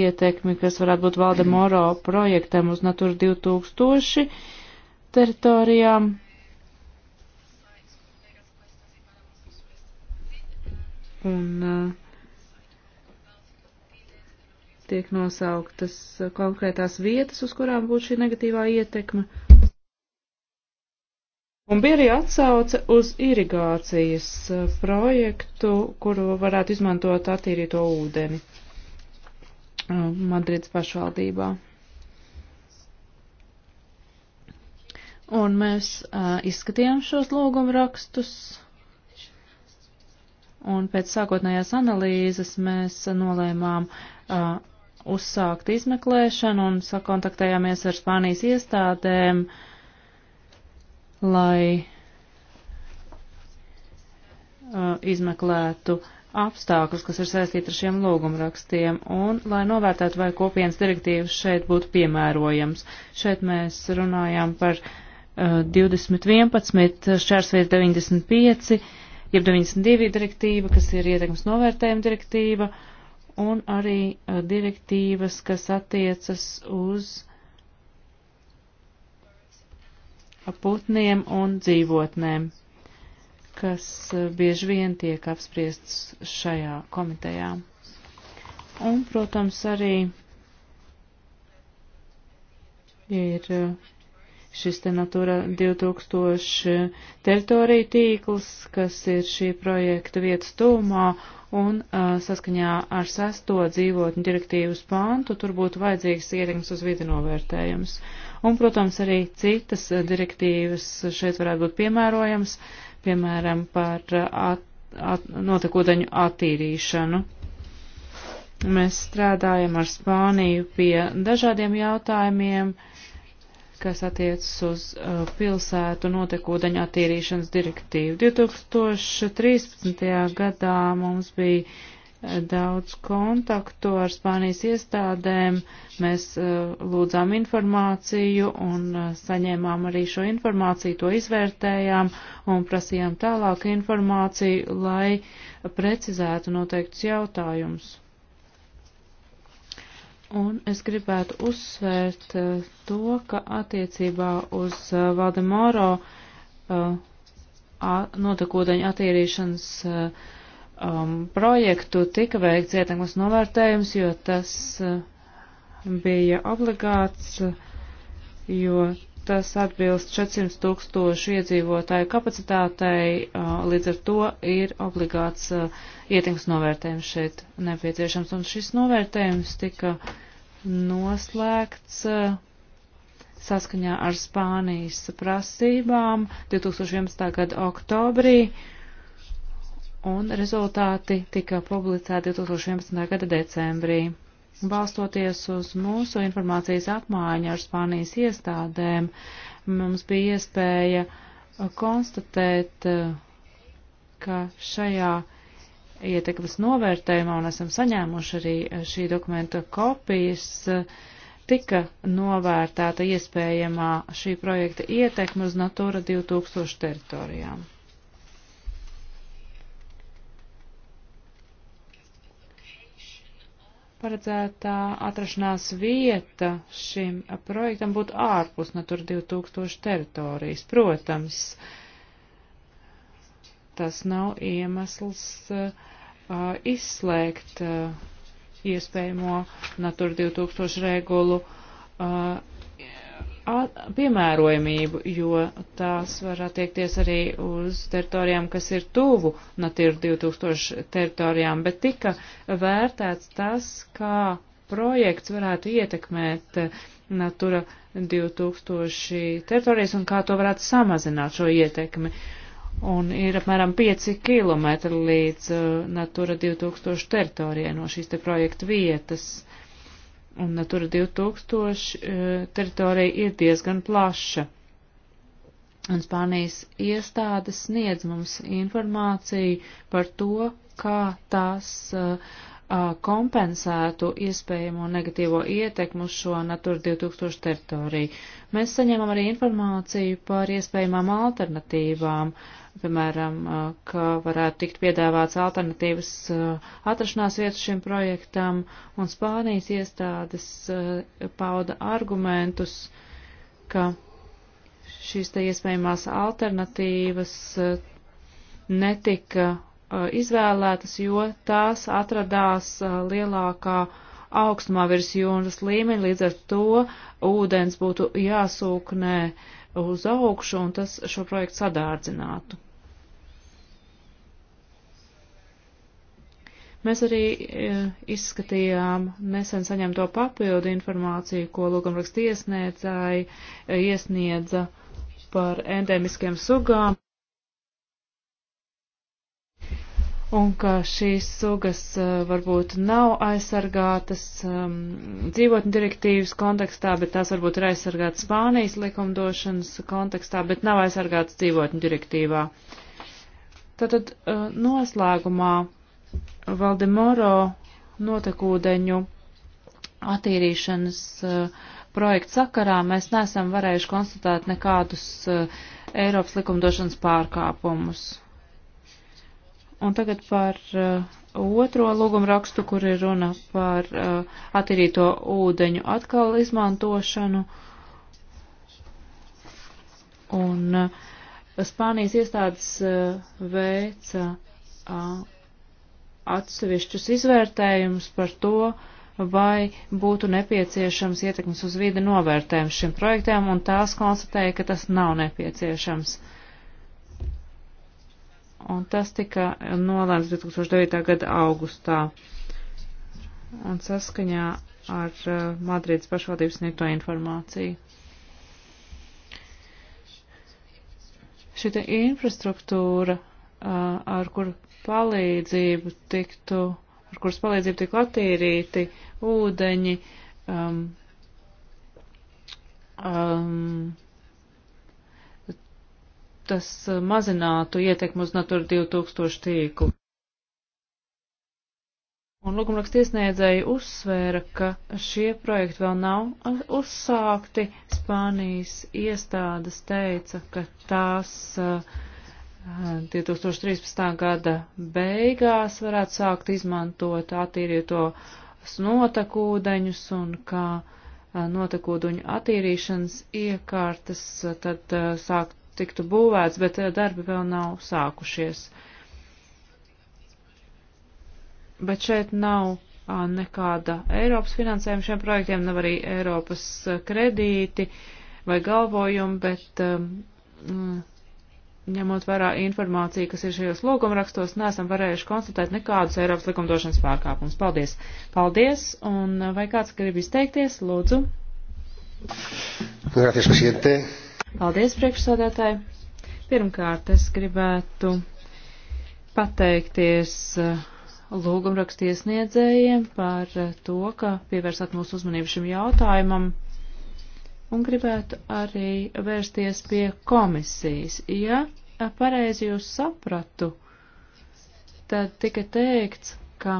ietekmi, kas varētu būt Valdemoro projektam uz Natura 2000 teritorijām un uh, tiek nosauktas konkrētās vietas, uz kurām būtu šī negatīvā ietekme. Un bija arī atsauce uz irigācijas uh, projektu, kuru varētu izmantot attīrīto ūdeni uh, Madrids pašvaldībā. Un mēs uh, izskatījām šos lūgumu rakstus un pēc sākotnējās analīzes mēs nolēmām uh, uzsākt izmeklēšanu un sakontaktējāmies ar Spānijas iestādēm, lai uh, izmeklētu apstākļus, kas ir saistīti ar šiem lūgumrakstiem, un lai novērtētu, vai kopienas direktīvas šeit būtu piemērojams. Šeit mēs runājām par uh, 2011, šķērsvies 95, jeb 92 direktīva, kas ir ietekmes novērtējuma direktīva, un arī direktīvas, kas attiecas uz putniem un dzīvotnēm, kas bieži vien tiek apspriests šajā komitejā. Un, protams, arī ir uh, šis te Natura 2000 teritorija tīkls, kas ir šī projekta vietas tūmā, un uh, saskaņā ar sesto dzīvotņu direktīvas pāntu tur būtu vajadzīgs ietekmes uz vidi novērtējums. Un, protams, arī citas direktīvas šeit varētu būt piemērojams, piemēram, par at, at, notekūdeņu attīrīšanu. Mēs strādājam ar Spāniju pie dažādiem jautājumiem. Uh, kas attiecas uz uh, pilsētu notekūdeņu attīrīšanas direktīvu. 2013. gadā mums bija uh, daudz kontaktu ar Spānijas iestādēm, mēs uh, lūdzām informāciju un uh, saņēmām arī šo informāciju, to izvērtējām un prasījām tālāk informāciju, lai precizētu noteiktus jautājumus. Un es gribētu uzsvērt uh, to, ka attiecībā uz uh, Valdemoro uh, eh, notekūdeņu attīrīšanas um, projektu tika veikts ietekmes novērtējums, jo tas bija obligāts, jo tas atbilst 400 tūkstošu iedzīvotāju kapacitātei, līdz ar to ir obligāts ietekmes novērtējums šeit nepieciešams. Un šis novērtējums tika noslēgts saskaņā ar Spānijas prasībām 2011. gada oktobrī, un rezultāti tika publicēti 2011. gada decembrī. Balstoties uz mūsu informācijas apmaiņu ar Spānijas iestādēm, mums bija iespēja konstatēt, ka šajā ietekmes novērtējumā, un esam saņēmuši arī šī dokumenta kopijas, tika novērtēta iespējamā šī projekta ietekme uz Natura 2000 teritorijām. paredzētā atrašanās vieta šim projektam būtu ārpus Natura 2000 teritorijas. Protams, tas nav iemesls uh, izslēgt uh, iespējamo Natura 2000 regulu uh, piemērojamību, jo tās var attiekties arī uz teritorijām, kas ir tuvu Natīra 2000 teritorijām, bet tika vērtēts tas, kā projekts varētu ietekmēt Natura 2000 teritorijas un kā to varētu samazināt šo ietekmi. Un ir apmēram 5 km līdz uh, Natura 2000 teritorijai no šīs te projekta vietas. Uh, un Natura 2000 e, teritorija ir diezgan plaša. Un Spānijas iestādes sniedz mums informāciju par to, kā tās uh, e, kompensētu iespējamo negatīvo ietekmu uz šo Natura 2000 teritoriju. Mēs saņemam arī informāciju par iespējamām alternatīvām uh, piemēram, ka varētu tikt piedāvāts alternatīvas atrašanās vietas šim projektam, un Spānijas iestādes pauda argumentus, ka šīs te iespējamās alternatīvas netika izvēlētas, jo tās atradās lielākā augstumā virs jūras līmeņa, līdz ar to ūdens būtu jāsūknē uz augšu, un tas šo projektu sadārdzinātu. Mēs arī e, izskatījām nesen saņemto papildu informāciju, ko lūgumraksta iesniedzēji e, iesniedza par endemiskiem sugām. Un ka šīs sugas e, varbūt nav aizsargātas um, dzīvotņu direktīvas kontekstā, bet tās varbūt ir aizsargātas Spānijas likumdošanas kontekstā, bet nav aizsargātas dzīvotņu direktīvā. Tātad uh, noslēgumā Valdemoro notekūdeņu attīrīšanas uh, eh, projekta sakarā mēs nesam varējuši konstatēt nekādus uh, Eiropas likumdošanas pārkāpumus. Un tagad par uh, otro lūgumu rakstu, kur ir runa par uh, attīrīto ūdeņu atkal izmantošanu. Un uh, Spānijas iestādes uh, veica uh, atsevišķus izvērtējumus par to, vai būtu nepieciešams ietekmes uz vīdi novērtējums šim projektēm, un tās konstatēja, ka tas nav nepieciešams. Un tas tika nolēmts 2009. gada augustā. Un saskaņā ar uh, Madrīdas pašvaldības sniegto informāciju. Šita infrastruktūra ar kur palīdzību tiktu, ar kuras palīdzību tiktu attīrīti ūdeņi, um, um, tas mazinātu ietekmu uz Natura 2000 tīklu. Un lūgumraksta iesniedzēji uzsvēra, ka šie projekti vēl nav uzsākti. Spānijas iestādes teica, ka tās uh, 2013. gada beigās varētu sākt izmantot attīrīto notekūdeņus un kā notekūdeņu attīrīšanas iekārtas tad sākt tiktu būvēts, bet darbi vēl nav sākušies. Bet šeit nav nekāda Eiropas finansējuma šiem projektiem, nav arī Eiropas kredīti vai galvojumi, bet um, ņemot vērā informāciju, kas ir šajos logumrakstos, neesam varējuši konstatēt nekādus Eiropas likumdošanas pārkāpumus. Paldies! Paldies! Un uh, vai kāds grib izteikties? Lūdzu! Gracias, presidente! Paldies, priekšsādētāji! Pirmkārt, es gribētu pateikties uh, lūgumrakstiesniedzējiem par uh, to, ka pievērsāt mūsu uzmanību šim jautājumam un gribētu arī vērsties pie komisijas. Ja pareizi jūs sapratu, tad tika teikts, ka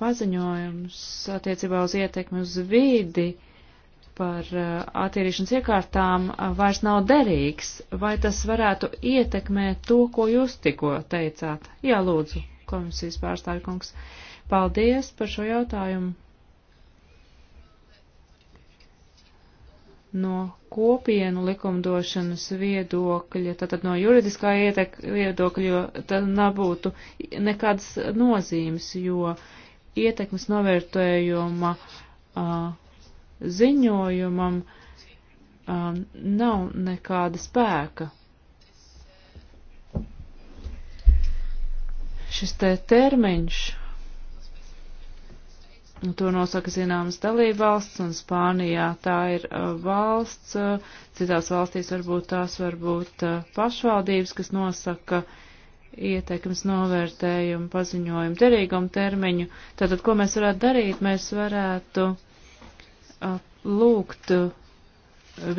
paziņojums attiecībā uz ietekmi uz vidi par uh, attīrīšanas iekārtām uh, vairs nav derīgs. Vai tas varētu ietekmēt to, ko jūs tikko teicāt? Jā, lūdzu, komisijas pārstāvju kungs. Paldies par šo jautājumu. no kopienu likumdošanas viedokļa, tātad no juridiskā ietek viedokļa, jo tad nebūtu nekādas nozīmes, jo ietekmes novērtējuma a, ziņojumam a, nav nekāda spēka. Šis te termiņš To nosaka zināmas dalībvalsts, un Spānijā tā ir uh, valsts, uh, citās valstīs varbūt tās varbūt uh, pašvaldības, kas nosaka ieteikums novērtējumu, paziņojumu, derīgumu termiņu. Tātad, ko mēs varētu darīt? Mēs varētu uh, lūgt uh,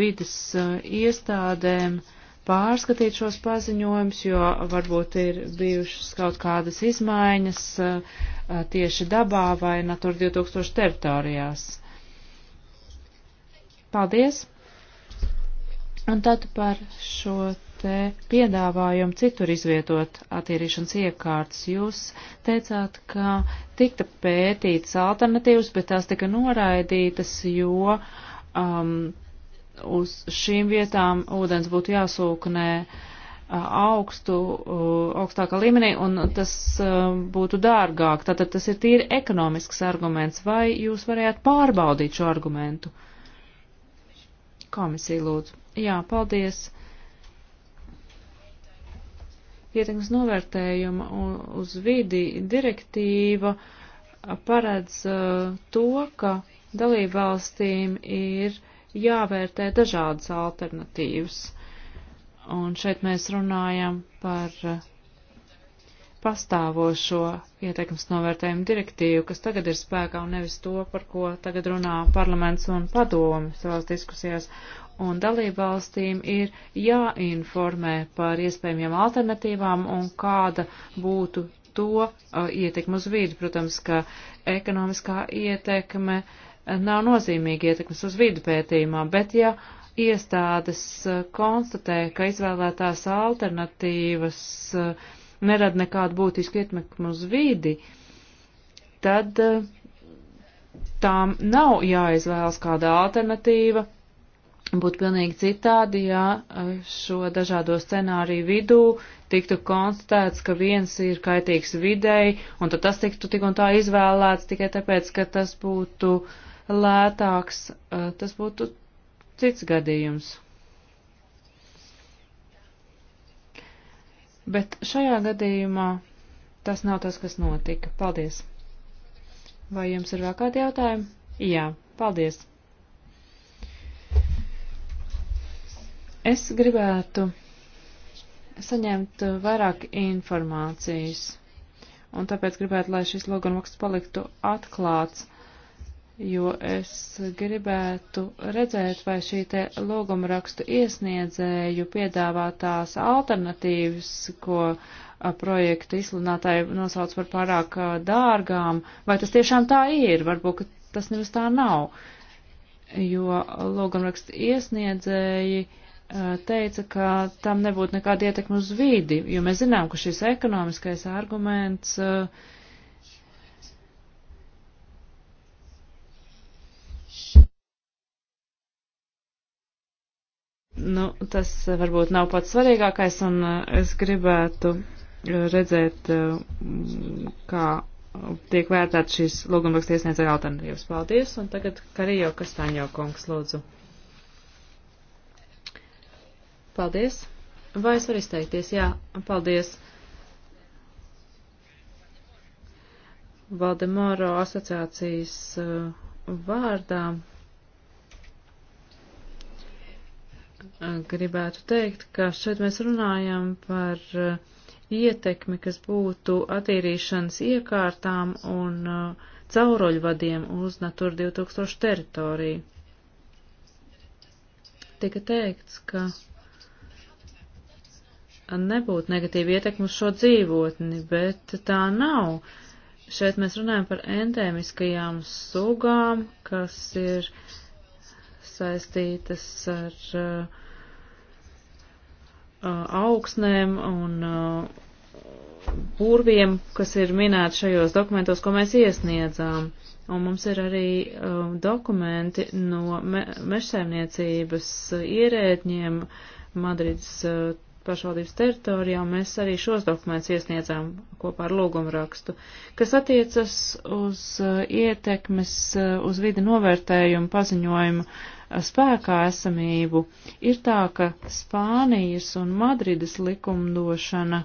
vidas uh, iestādēm uh, pārskatīt šos paziņojumus, jo varbūt ir bijušas kaut kādas izmaiņas uh, uh, tieši dabā vai Natura 2000 teritorijās. Paldies! Un tad par šo te piedāvājumu citur izvietot attīrīšanas iekārtas. Jūs teicāt, ka tika pētītas alternatīvas, bet tās tika noraidītas, jo um, uz šīm vietām ūdens būtu jāsūknē augstu, augstākā līmenī, un tas būtu dārgāk. Tātad tas ir tīri ekonomisks arguments. Vai jūs varējāt pārbaudīt šo argumentu? Komisija lūdzu. Jā, paldies. Ietekmes novērtējuma uz vidi direktīva paredz to, ka dalībvalstīm ir jāvērtē dažādas alternatīvas. Un šeit mēs runājam par eh, pastāvošo ieteikums novērtējumu direktīvu, kas tagad ir spēkā un nevis to, par ko tagad runā parlaments un padomi savās diskusijās. Un dalībvalstīm ir jāinformē par iespējamiem alternatīvām un kāda būtu to uh, ietekme uz vīdi. Protams, ka ekonomiskā ietekme uh, nav nozīmīgi ietekmes uz vidu pētījumā, bet ja iestādes eh, konstatē, ka izvēlētās alternatīvas eh, nerada nekādu būtisku ietekmi uz vidi, tad eh, tām nav jāizvēlas kāda alternatīva, būtu pilnīgi citādi, ja šo dažādo scenāriju vidū tiktu konstatēts, ka viens ir kaitīgs videi, un tad tas tiktu tik un tā izvēlēts tikai tāpēc, ka tas būtu uh, lētāks, eh, tas būtu cits gadījums. Bet šajā gadījumā tas nav tas, kas notika. Paldies! Vai jums ir vēl kādi jautājumi? Jā, paldies! Es gribētu saņemt vairāk informācijas, un tāpēc gribētu, lai šis logumraksts paliktu atklāts jo es gribētu redzēt, vai šī te logumrakstu iesniedzēju piedāvātās alternatīvas, ko projekta izsludinātāji nosauc par pārāk dārgām, vai tas tiešām tā ir, varbūt tas nemaz tā nav, jo logumrakstu iesniedzēji teica, ka tam nebūtu nekāda ietekma uz vidi, jo mēs zinām, ka šis ekonomiskais arguments uh, Nu, tas eh, varbūt nav pats svarīgākais, un eh, es gribētu eh, redzēt, kā tiek vērtēt šīs lūgumraksta iesniedzēja alternatīvas. Paldies, un tagad Karijo Kastāņo kungs, lūdzu. Paldies. Vai es varu izteikties? Jā, paldies. Valdemoro asociācijas vārdā gribētu teikt, ka šeit mēs runājam par uh, ietekmi, kas būtu attīrīšanas iekārtām un uh, cauroļvadiem uz Natura 2000 teritoriju. Tika teikts, ka nebūtu negatīva ietekme uz šo dzīvotni, bet tā nav. Šeit mēs runājam par endēmiskajām sugām, kas ir uh, saistītas ar uh, uh, augsnēm un purviem, uh, kas ir minēti šajos dokumentos, ko mēs iesniedzām. Un mums ir arī uh, dokumenti no me mežsaimniecības ierēdņiem Madrids uh, pašvaldības teritorijā, mēs arī šos dokumentus iesniedzām kopā ar lūgumu rakstu, kas attiecas uz uh, ietekmes uh, uz vidi novērtējumu paziņojumu uh, spēkā esamību. Ir tā, ka Spānijas un Madrides likumdošana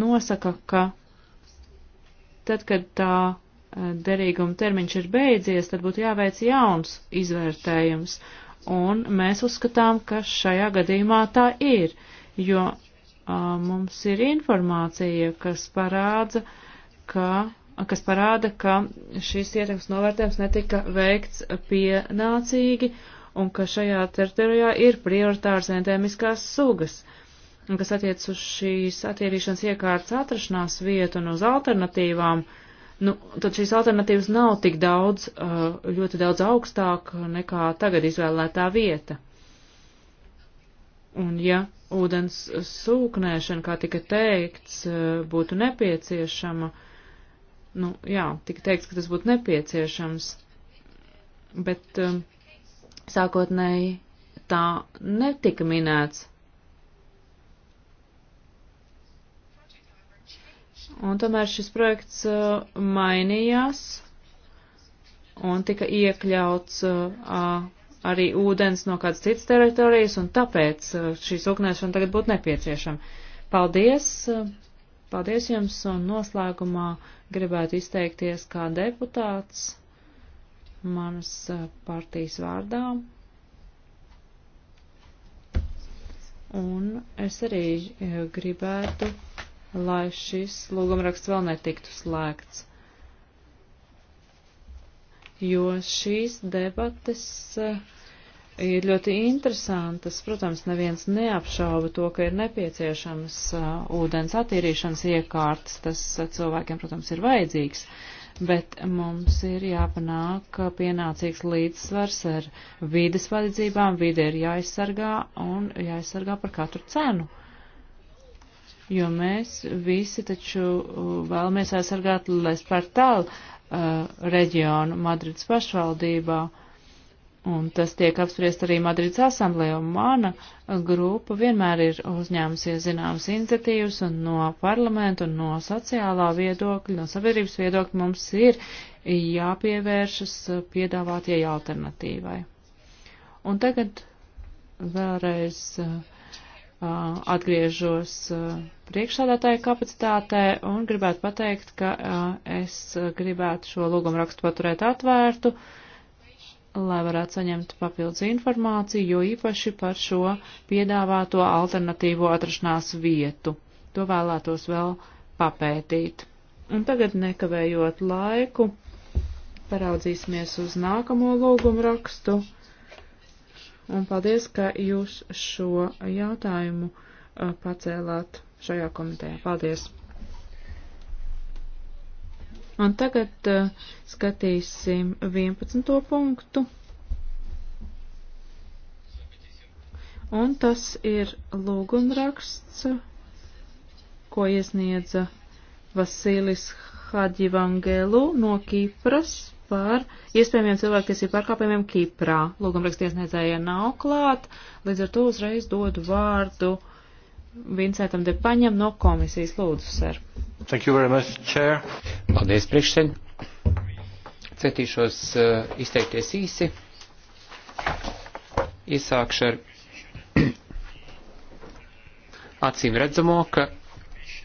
nosaka, ka tad, kad tā derīguma termiņš ir beidzies, tad būtu jāveic jauns izvērtējums. Un mēs uzskatām, ka šajā gadījumā tā ir jo mums ir informācija, kas parāda, ka kas parāda, ka šis ietekmes novērtējums netika veikts pienācīgi un ka šajā teritorijā ir prioritārs endēmiskās sugas. Un kas attiec uz šīs attīrīšanas iekārtas atrašanās vietu un uz alternatīvām, nu, tad šīs alternatīvas nav tik daudz, ļoti daudz augstāk nekā tagad izvēlētā vieta. Un ja ūdens sūknēšana, kā tika teikts, eh, būtu nepieciešama, nu jā, tika teikts, ka tas būtu nepieciešams, bet um, sākotnēji tā netika minēts. Un tomēr šis projekts uh, mainījās un tika iekļauts uh, arī ūdens no kādas citas teritorijas, un tāpēc uh, šī sūknēšana tagad būtu nepieciešama. Paldies! Uh, paldies jums, un noslēgumā gribētu izteikties kā deputāts manas uh, partijas vārdā. Un es arī gribētu, lai šis lūgumraksts vēl netiktu slēgts jo šīs debates eh, ir ļoti interesantas. Protams, neviens neapšauba to, ka ir nepieciešams eh, ūdens attīrīšanas iekārtas, tas eh, cilvēkiem, protams, ir vajadzīgs, bet mums ir jāpanāk pienācīgs līdzsvars ar vides vajadzībām, vide ir jāaizsargā un jāaizsargā par katru cenu jo mēs visi taču vēlamies aizsargāt Lespartal uh, reģionu Madrids pašvaldībā. Un tas tiek apspriest arī Madrids asamblē, un mana grupa vienmēr ir uzņēmusies zināmas iniciatīvas, un no parlamenta, un no sociālā viedokļa, no sabiedrības viedokļa mums ir jāpievēršas uh, piedāvātajai alternatīvai. Un tagad vēlreiz uh, atgriežos priekšsādātāja kapacitātē un gribētu pateikt, ka es gribētu šo lūgumu rakstu paturēt atvērtu, lai varētu saņemt papildus informāciju, jo īpaši par šo piedāvāto alternatīvo atrašanās vietu. To vēlētos vēl papētīt. Un tagad nekavējot laiku, paraudzīsimies uz nākamo lūgumu rakstu un paldies, ka jūs šo jautājumu uh, pacēlāt šajā komitejā. Paldies! Un tagad uh, skatīsim 11. punktu. Un tas ir lūgumraksts, ko iesniedza Vasilis Hadjivangelu no Kīpras par iespējamiem cilvēktiesību pārkāpumiem Kiprā. Lūgumrakstiesniedzējai nav klāt, līdz ar to uzreiz dodu vārdu Vincētam Depaņam no komisijas. Lūdzu, ser. Thank you very much, Chair. Paldies, priekšsēd. Cetīšos uh, eh, izteikties īsi. Iesākšu ar acīm redzamo, ka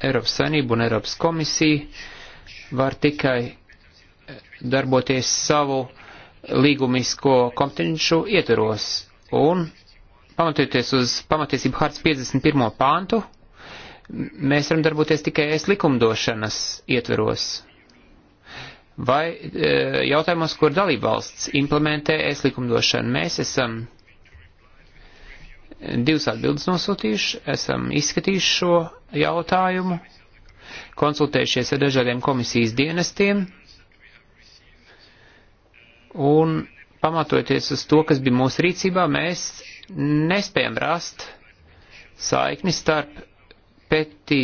Eiropas Savienība un Eiropas komisija var tikai darboties savu līgumisko kompetenšu ietvaros. Un pamatoties uz pamatiesību hartas 51. pāntu, mēs varam darboties tikai es likumdošanas ietveros. Vai e, jautājumos, kur dalībvalsts implementē es likumdošanu, mēs esam divas atbildes nosūtījuši, esam izskatījuši šo jautājumu, konsultējušies ar dažādiem komisijas dienestiem, Un pamatojoties uz to, kas bija mūsu rīcībā, mēs nespējam rast saikni starp peti,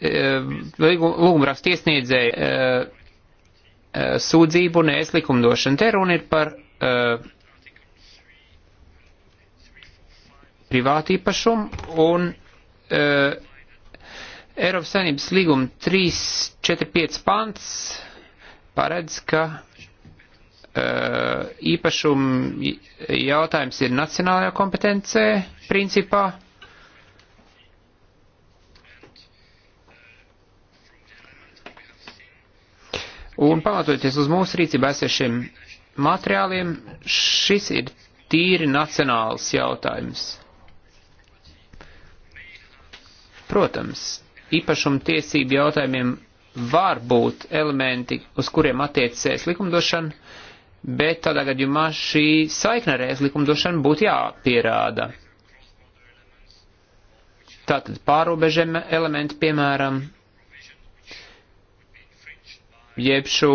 eh, lūgumrakstu iesniedzēju eh, eh, sūdzību un es likumdošanu. Te runa ir par privātu īpašumu un Eiropas Savienības līguma 345 pants paredz, ka īpašumu jautājums ir nacionālajā kompetencē, principā. Un pamatoties uz mūsu rīcībā esošiem materiāliem, šis ir tīri nacionāls jautājums. Protams, īpašuma tiesību jautājumiem var būt elementi, uz kuriem attiecēs likumdošana, bet tādā gadījumā šī saikne ar ēst likumdošanu būtu jāpierāda. Tātad pārobežu elementi, piemēram, jeb šo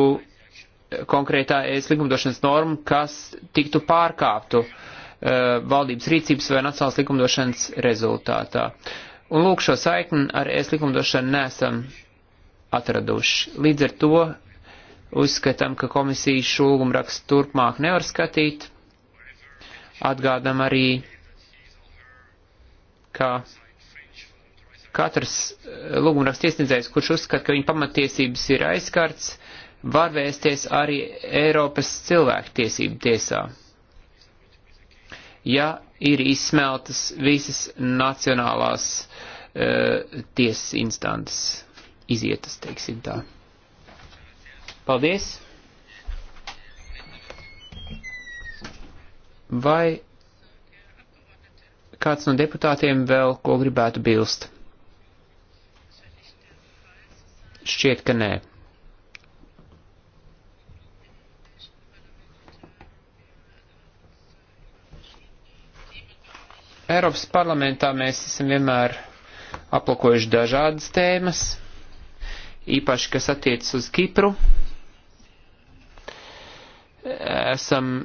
konkrētā ēst likumdošanas norma, kas tiktu pārkāptu uh, valdības rīcības vai nacionālas likumdošanas rezultātā. Un lūk, šo saikni ar ēst likumdošanu nesam atraduši. Līdz ar to Uzskatām, ka komisijas šūgumraksts turpmāk nevar skatīt. Atgādam arī, ka katrs eh, lūgumraksts iesniedzējs, kurš uzskata, ka viņa pamatiesības ir aizskarts, var vēsties arī Eiropas cilvēktiesību tiesā. Ja ir izsmeltas visas nacionālās uh, tiesas instantas, izietas, teiksim tā. Paldies! Vai kāds no deputātiem vēl ko gribētu bilst? Šķiet, ka nē. Eiropas parlamentā mēs esam vienmēr aplakojuši dažādas tēmas, īpaši kas attiecas uz Kipru esam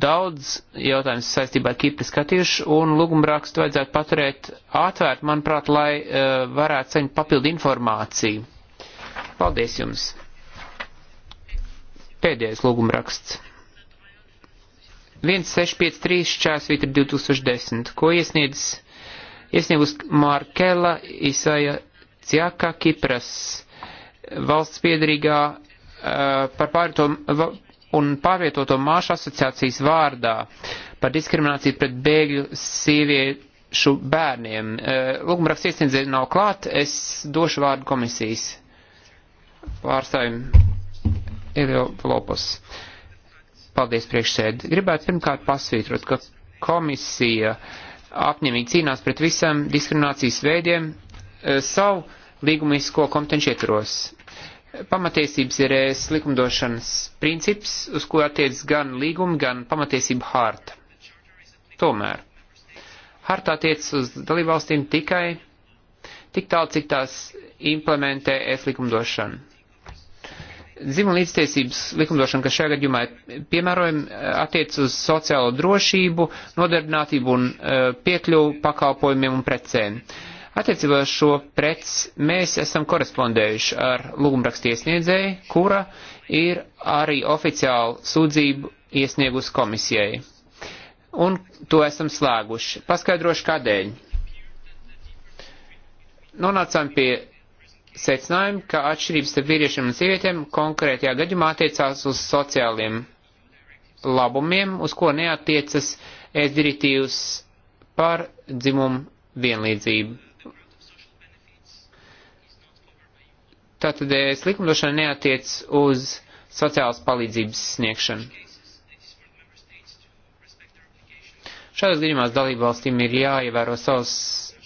daudz jautājumus saistībā ar Kipru skatījuši, un lūgumrakstu vajadzētu paturēt atvērt, manuprāt, lai uh, varētu saņemt papildu informāciju. Paldies jums! Pēdējais lūgumraksts. 1653 šķērsvīta 2010, ko iesniedz, iesniegus Markela Isaja Ciaka Kipras valsts piedarīgā uh, par pārvieto un pārvietoto māšu asociācijas vārdā par diskrimināciju pret bēgļu sieviešu bērniem. Eh, Lūgumraks iesniedzēji nav klāt, es došu vārdu komisijas pārstāvim Ilio Lopos. Paldies priekšsēd. Gribētu pirmkārt pasvītrot, ka komisija apņemīgi cīnās pret visam diskriminācijas veidiem eh, savu līgumisko kompetenci ietvaros. Pamatiesības ir ES likumdošanas princips, uz ko attiec gan līguma, gan pamatiesība harta. Tomēr harta attiec uz dalībvalstīm tikai tik tālu, cik tās implementē ES likumdošanu. Dzimuma līdztiesības likumdošana, kas šajā gadījumā ir piemērojama, attiec uz sociālo drošību, nodarbinātību un e, piekļuvu pakalpojumiem un precēm. Uh, Attiecībā uz šo preci mēs esam korespondējuši ar lūgumrakstu iesniedzēju, kura ir arī oficiāli sūdzību iesniegus komisijai. Un to esam slēguši. Paskaidrošu kādēļ. Nonācām pie secinājuma, ka atšķirības starp vīriešiem un sievietēm konkrētajā gadījumā attiecās uz sociāliem labumiem, uz ko neatiecas ēst direktīvas par dzimumu vienlīdzību. Tātad eh, es likumdošana neatiec uz sociālas palīdzības sniegšanu. Šādos gadījumās dalībvalstīm ir jāievēro savus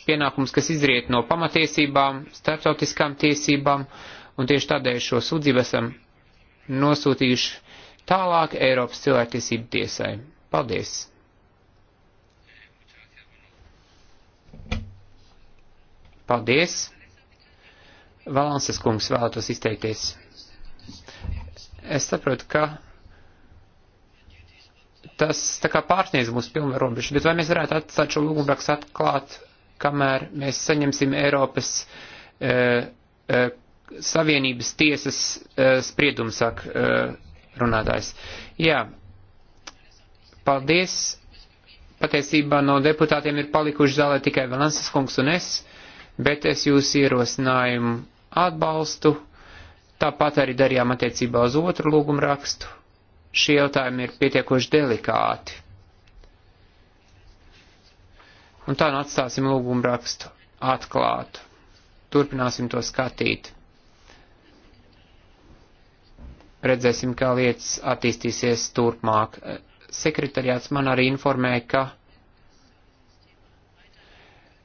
pienākumus, kas izriet no pamatiesībām, starptautiskām tiesībām, un tieši tādēļ šo sūdzību esam nosūtījuši tālāk Eiropas cilvēktiesību tiesai. Paldies! Paldies! Valanses kungs vēlētos izteikties. Es saprotu, ka tas tā kā pārsniedz mūsu pilnvaru robežu, bet vai mēs varētu atstāt šo lūgumrakstu atklāt, kamēr mēs saņemsim Eiropas e, e, Savienības tiesas e, spriedumu, saka e, runātājs. Jā, paldies. Patiesībā no deputātiem ir palikuši zālē tikai Valanses kungs un es bet es jūs ierosinājumu atbalstu. Tāpat arī darījām attiecībā uz otru lūgumu rakstu. Šie jautājumi ir pietiekoši delikāti. Un tā nu atstāsim lūgumu rakstu atklātu. Turpināsim to skatīt. Redzēsim, kā lietas attīstīsies turpmāk. Sekretariāts man arī informēja, ka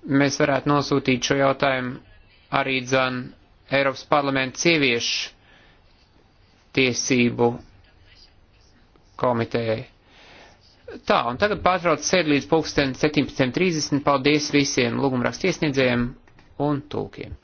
mēs varētu nosūtīt šo jautājumu arī dzan Eiropas parlamenta sieviešu tiesību komitejai. Tā, un tagad pārtrauc sēdi līdz pulksten 17.30. Paldies visiem lūgumrakstu iesniedzējiem un tūkiem.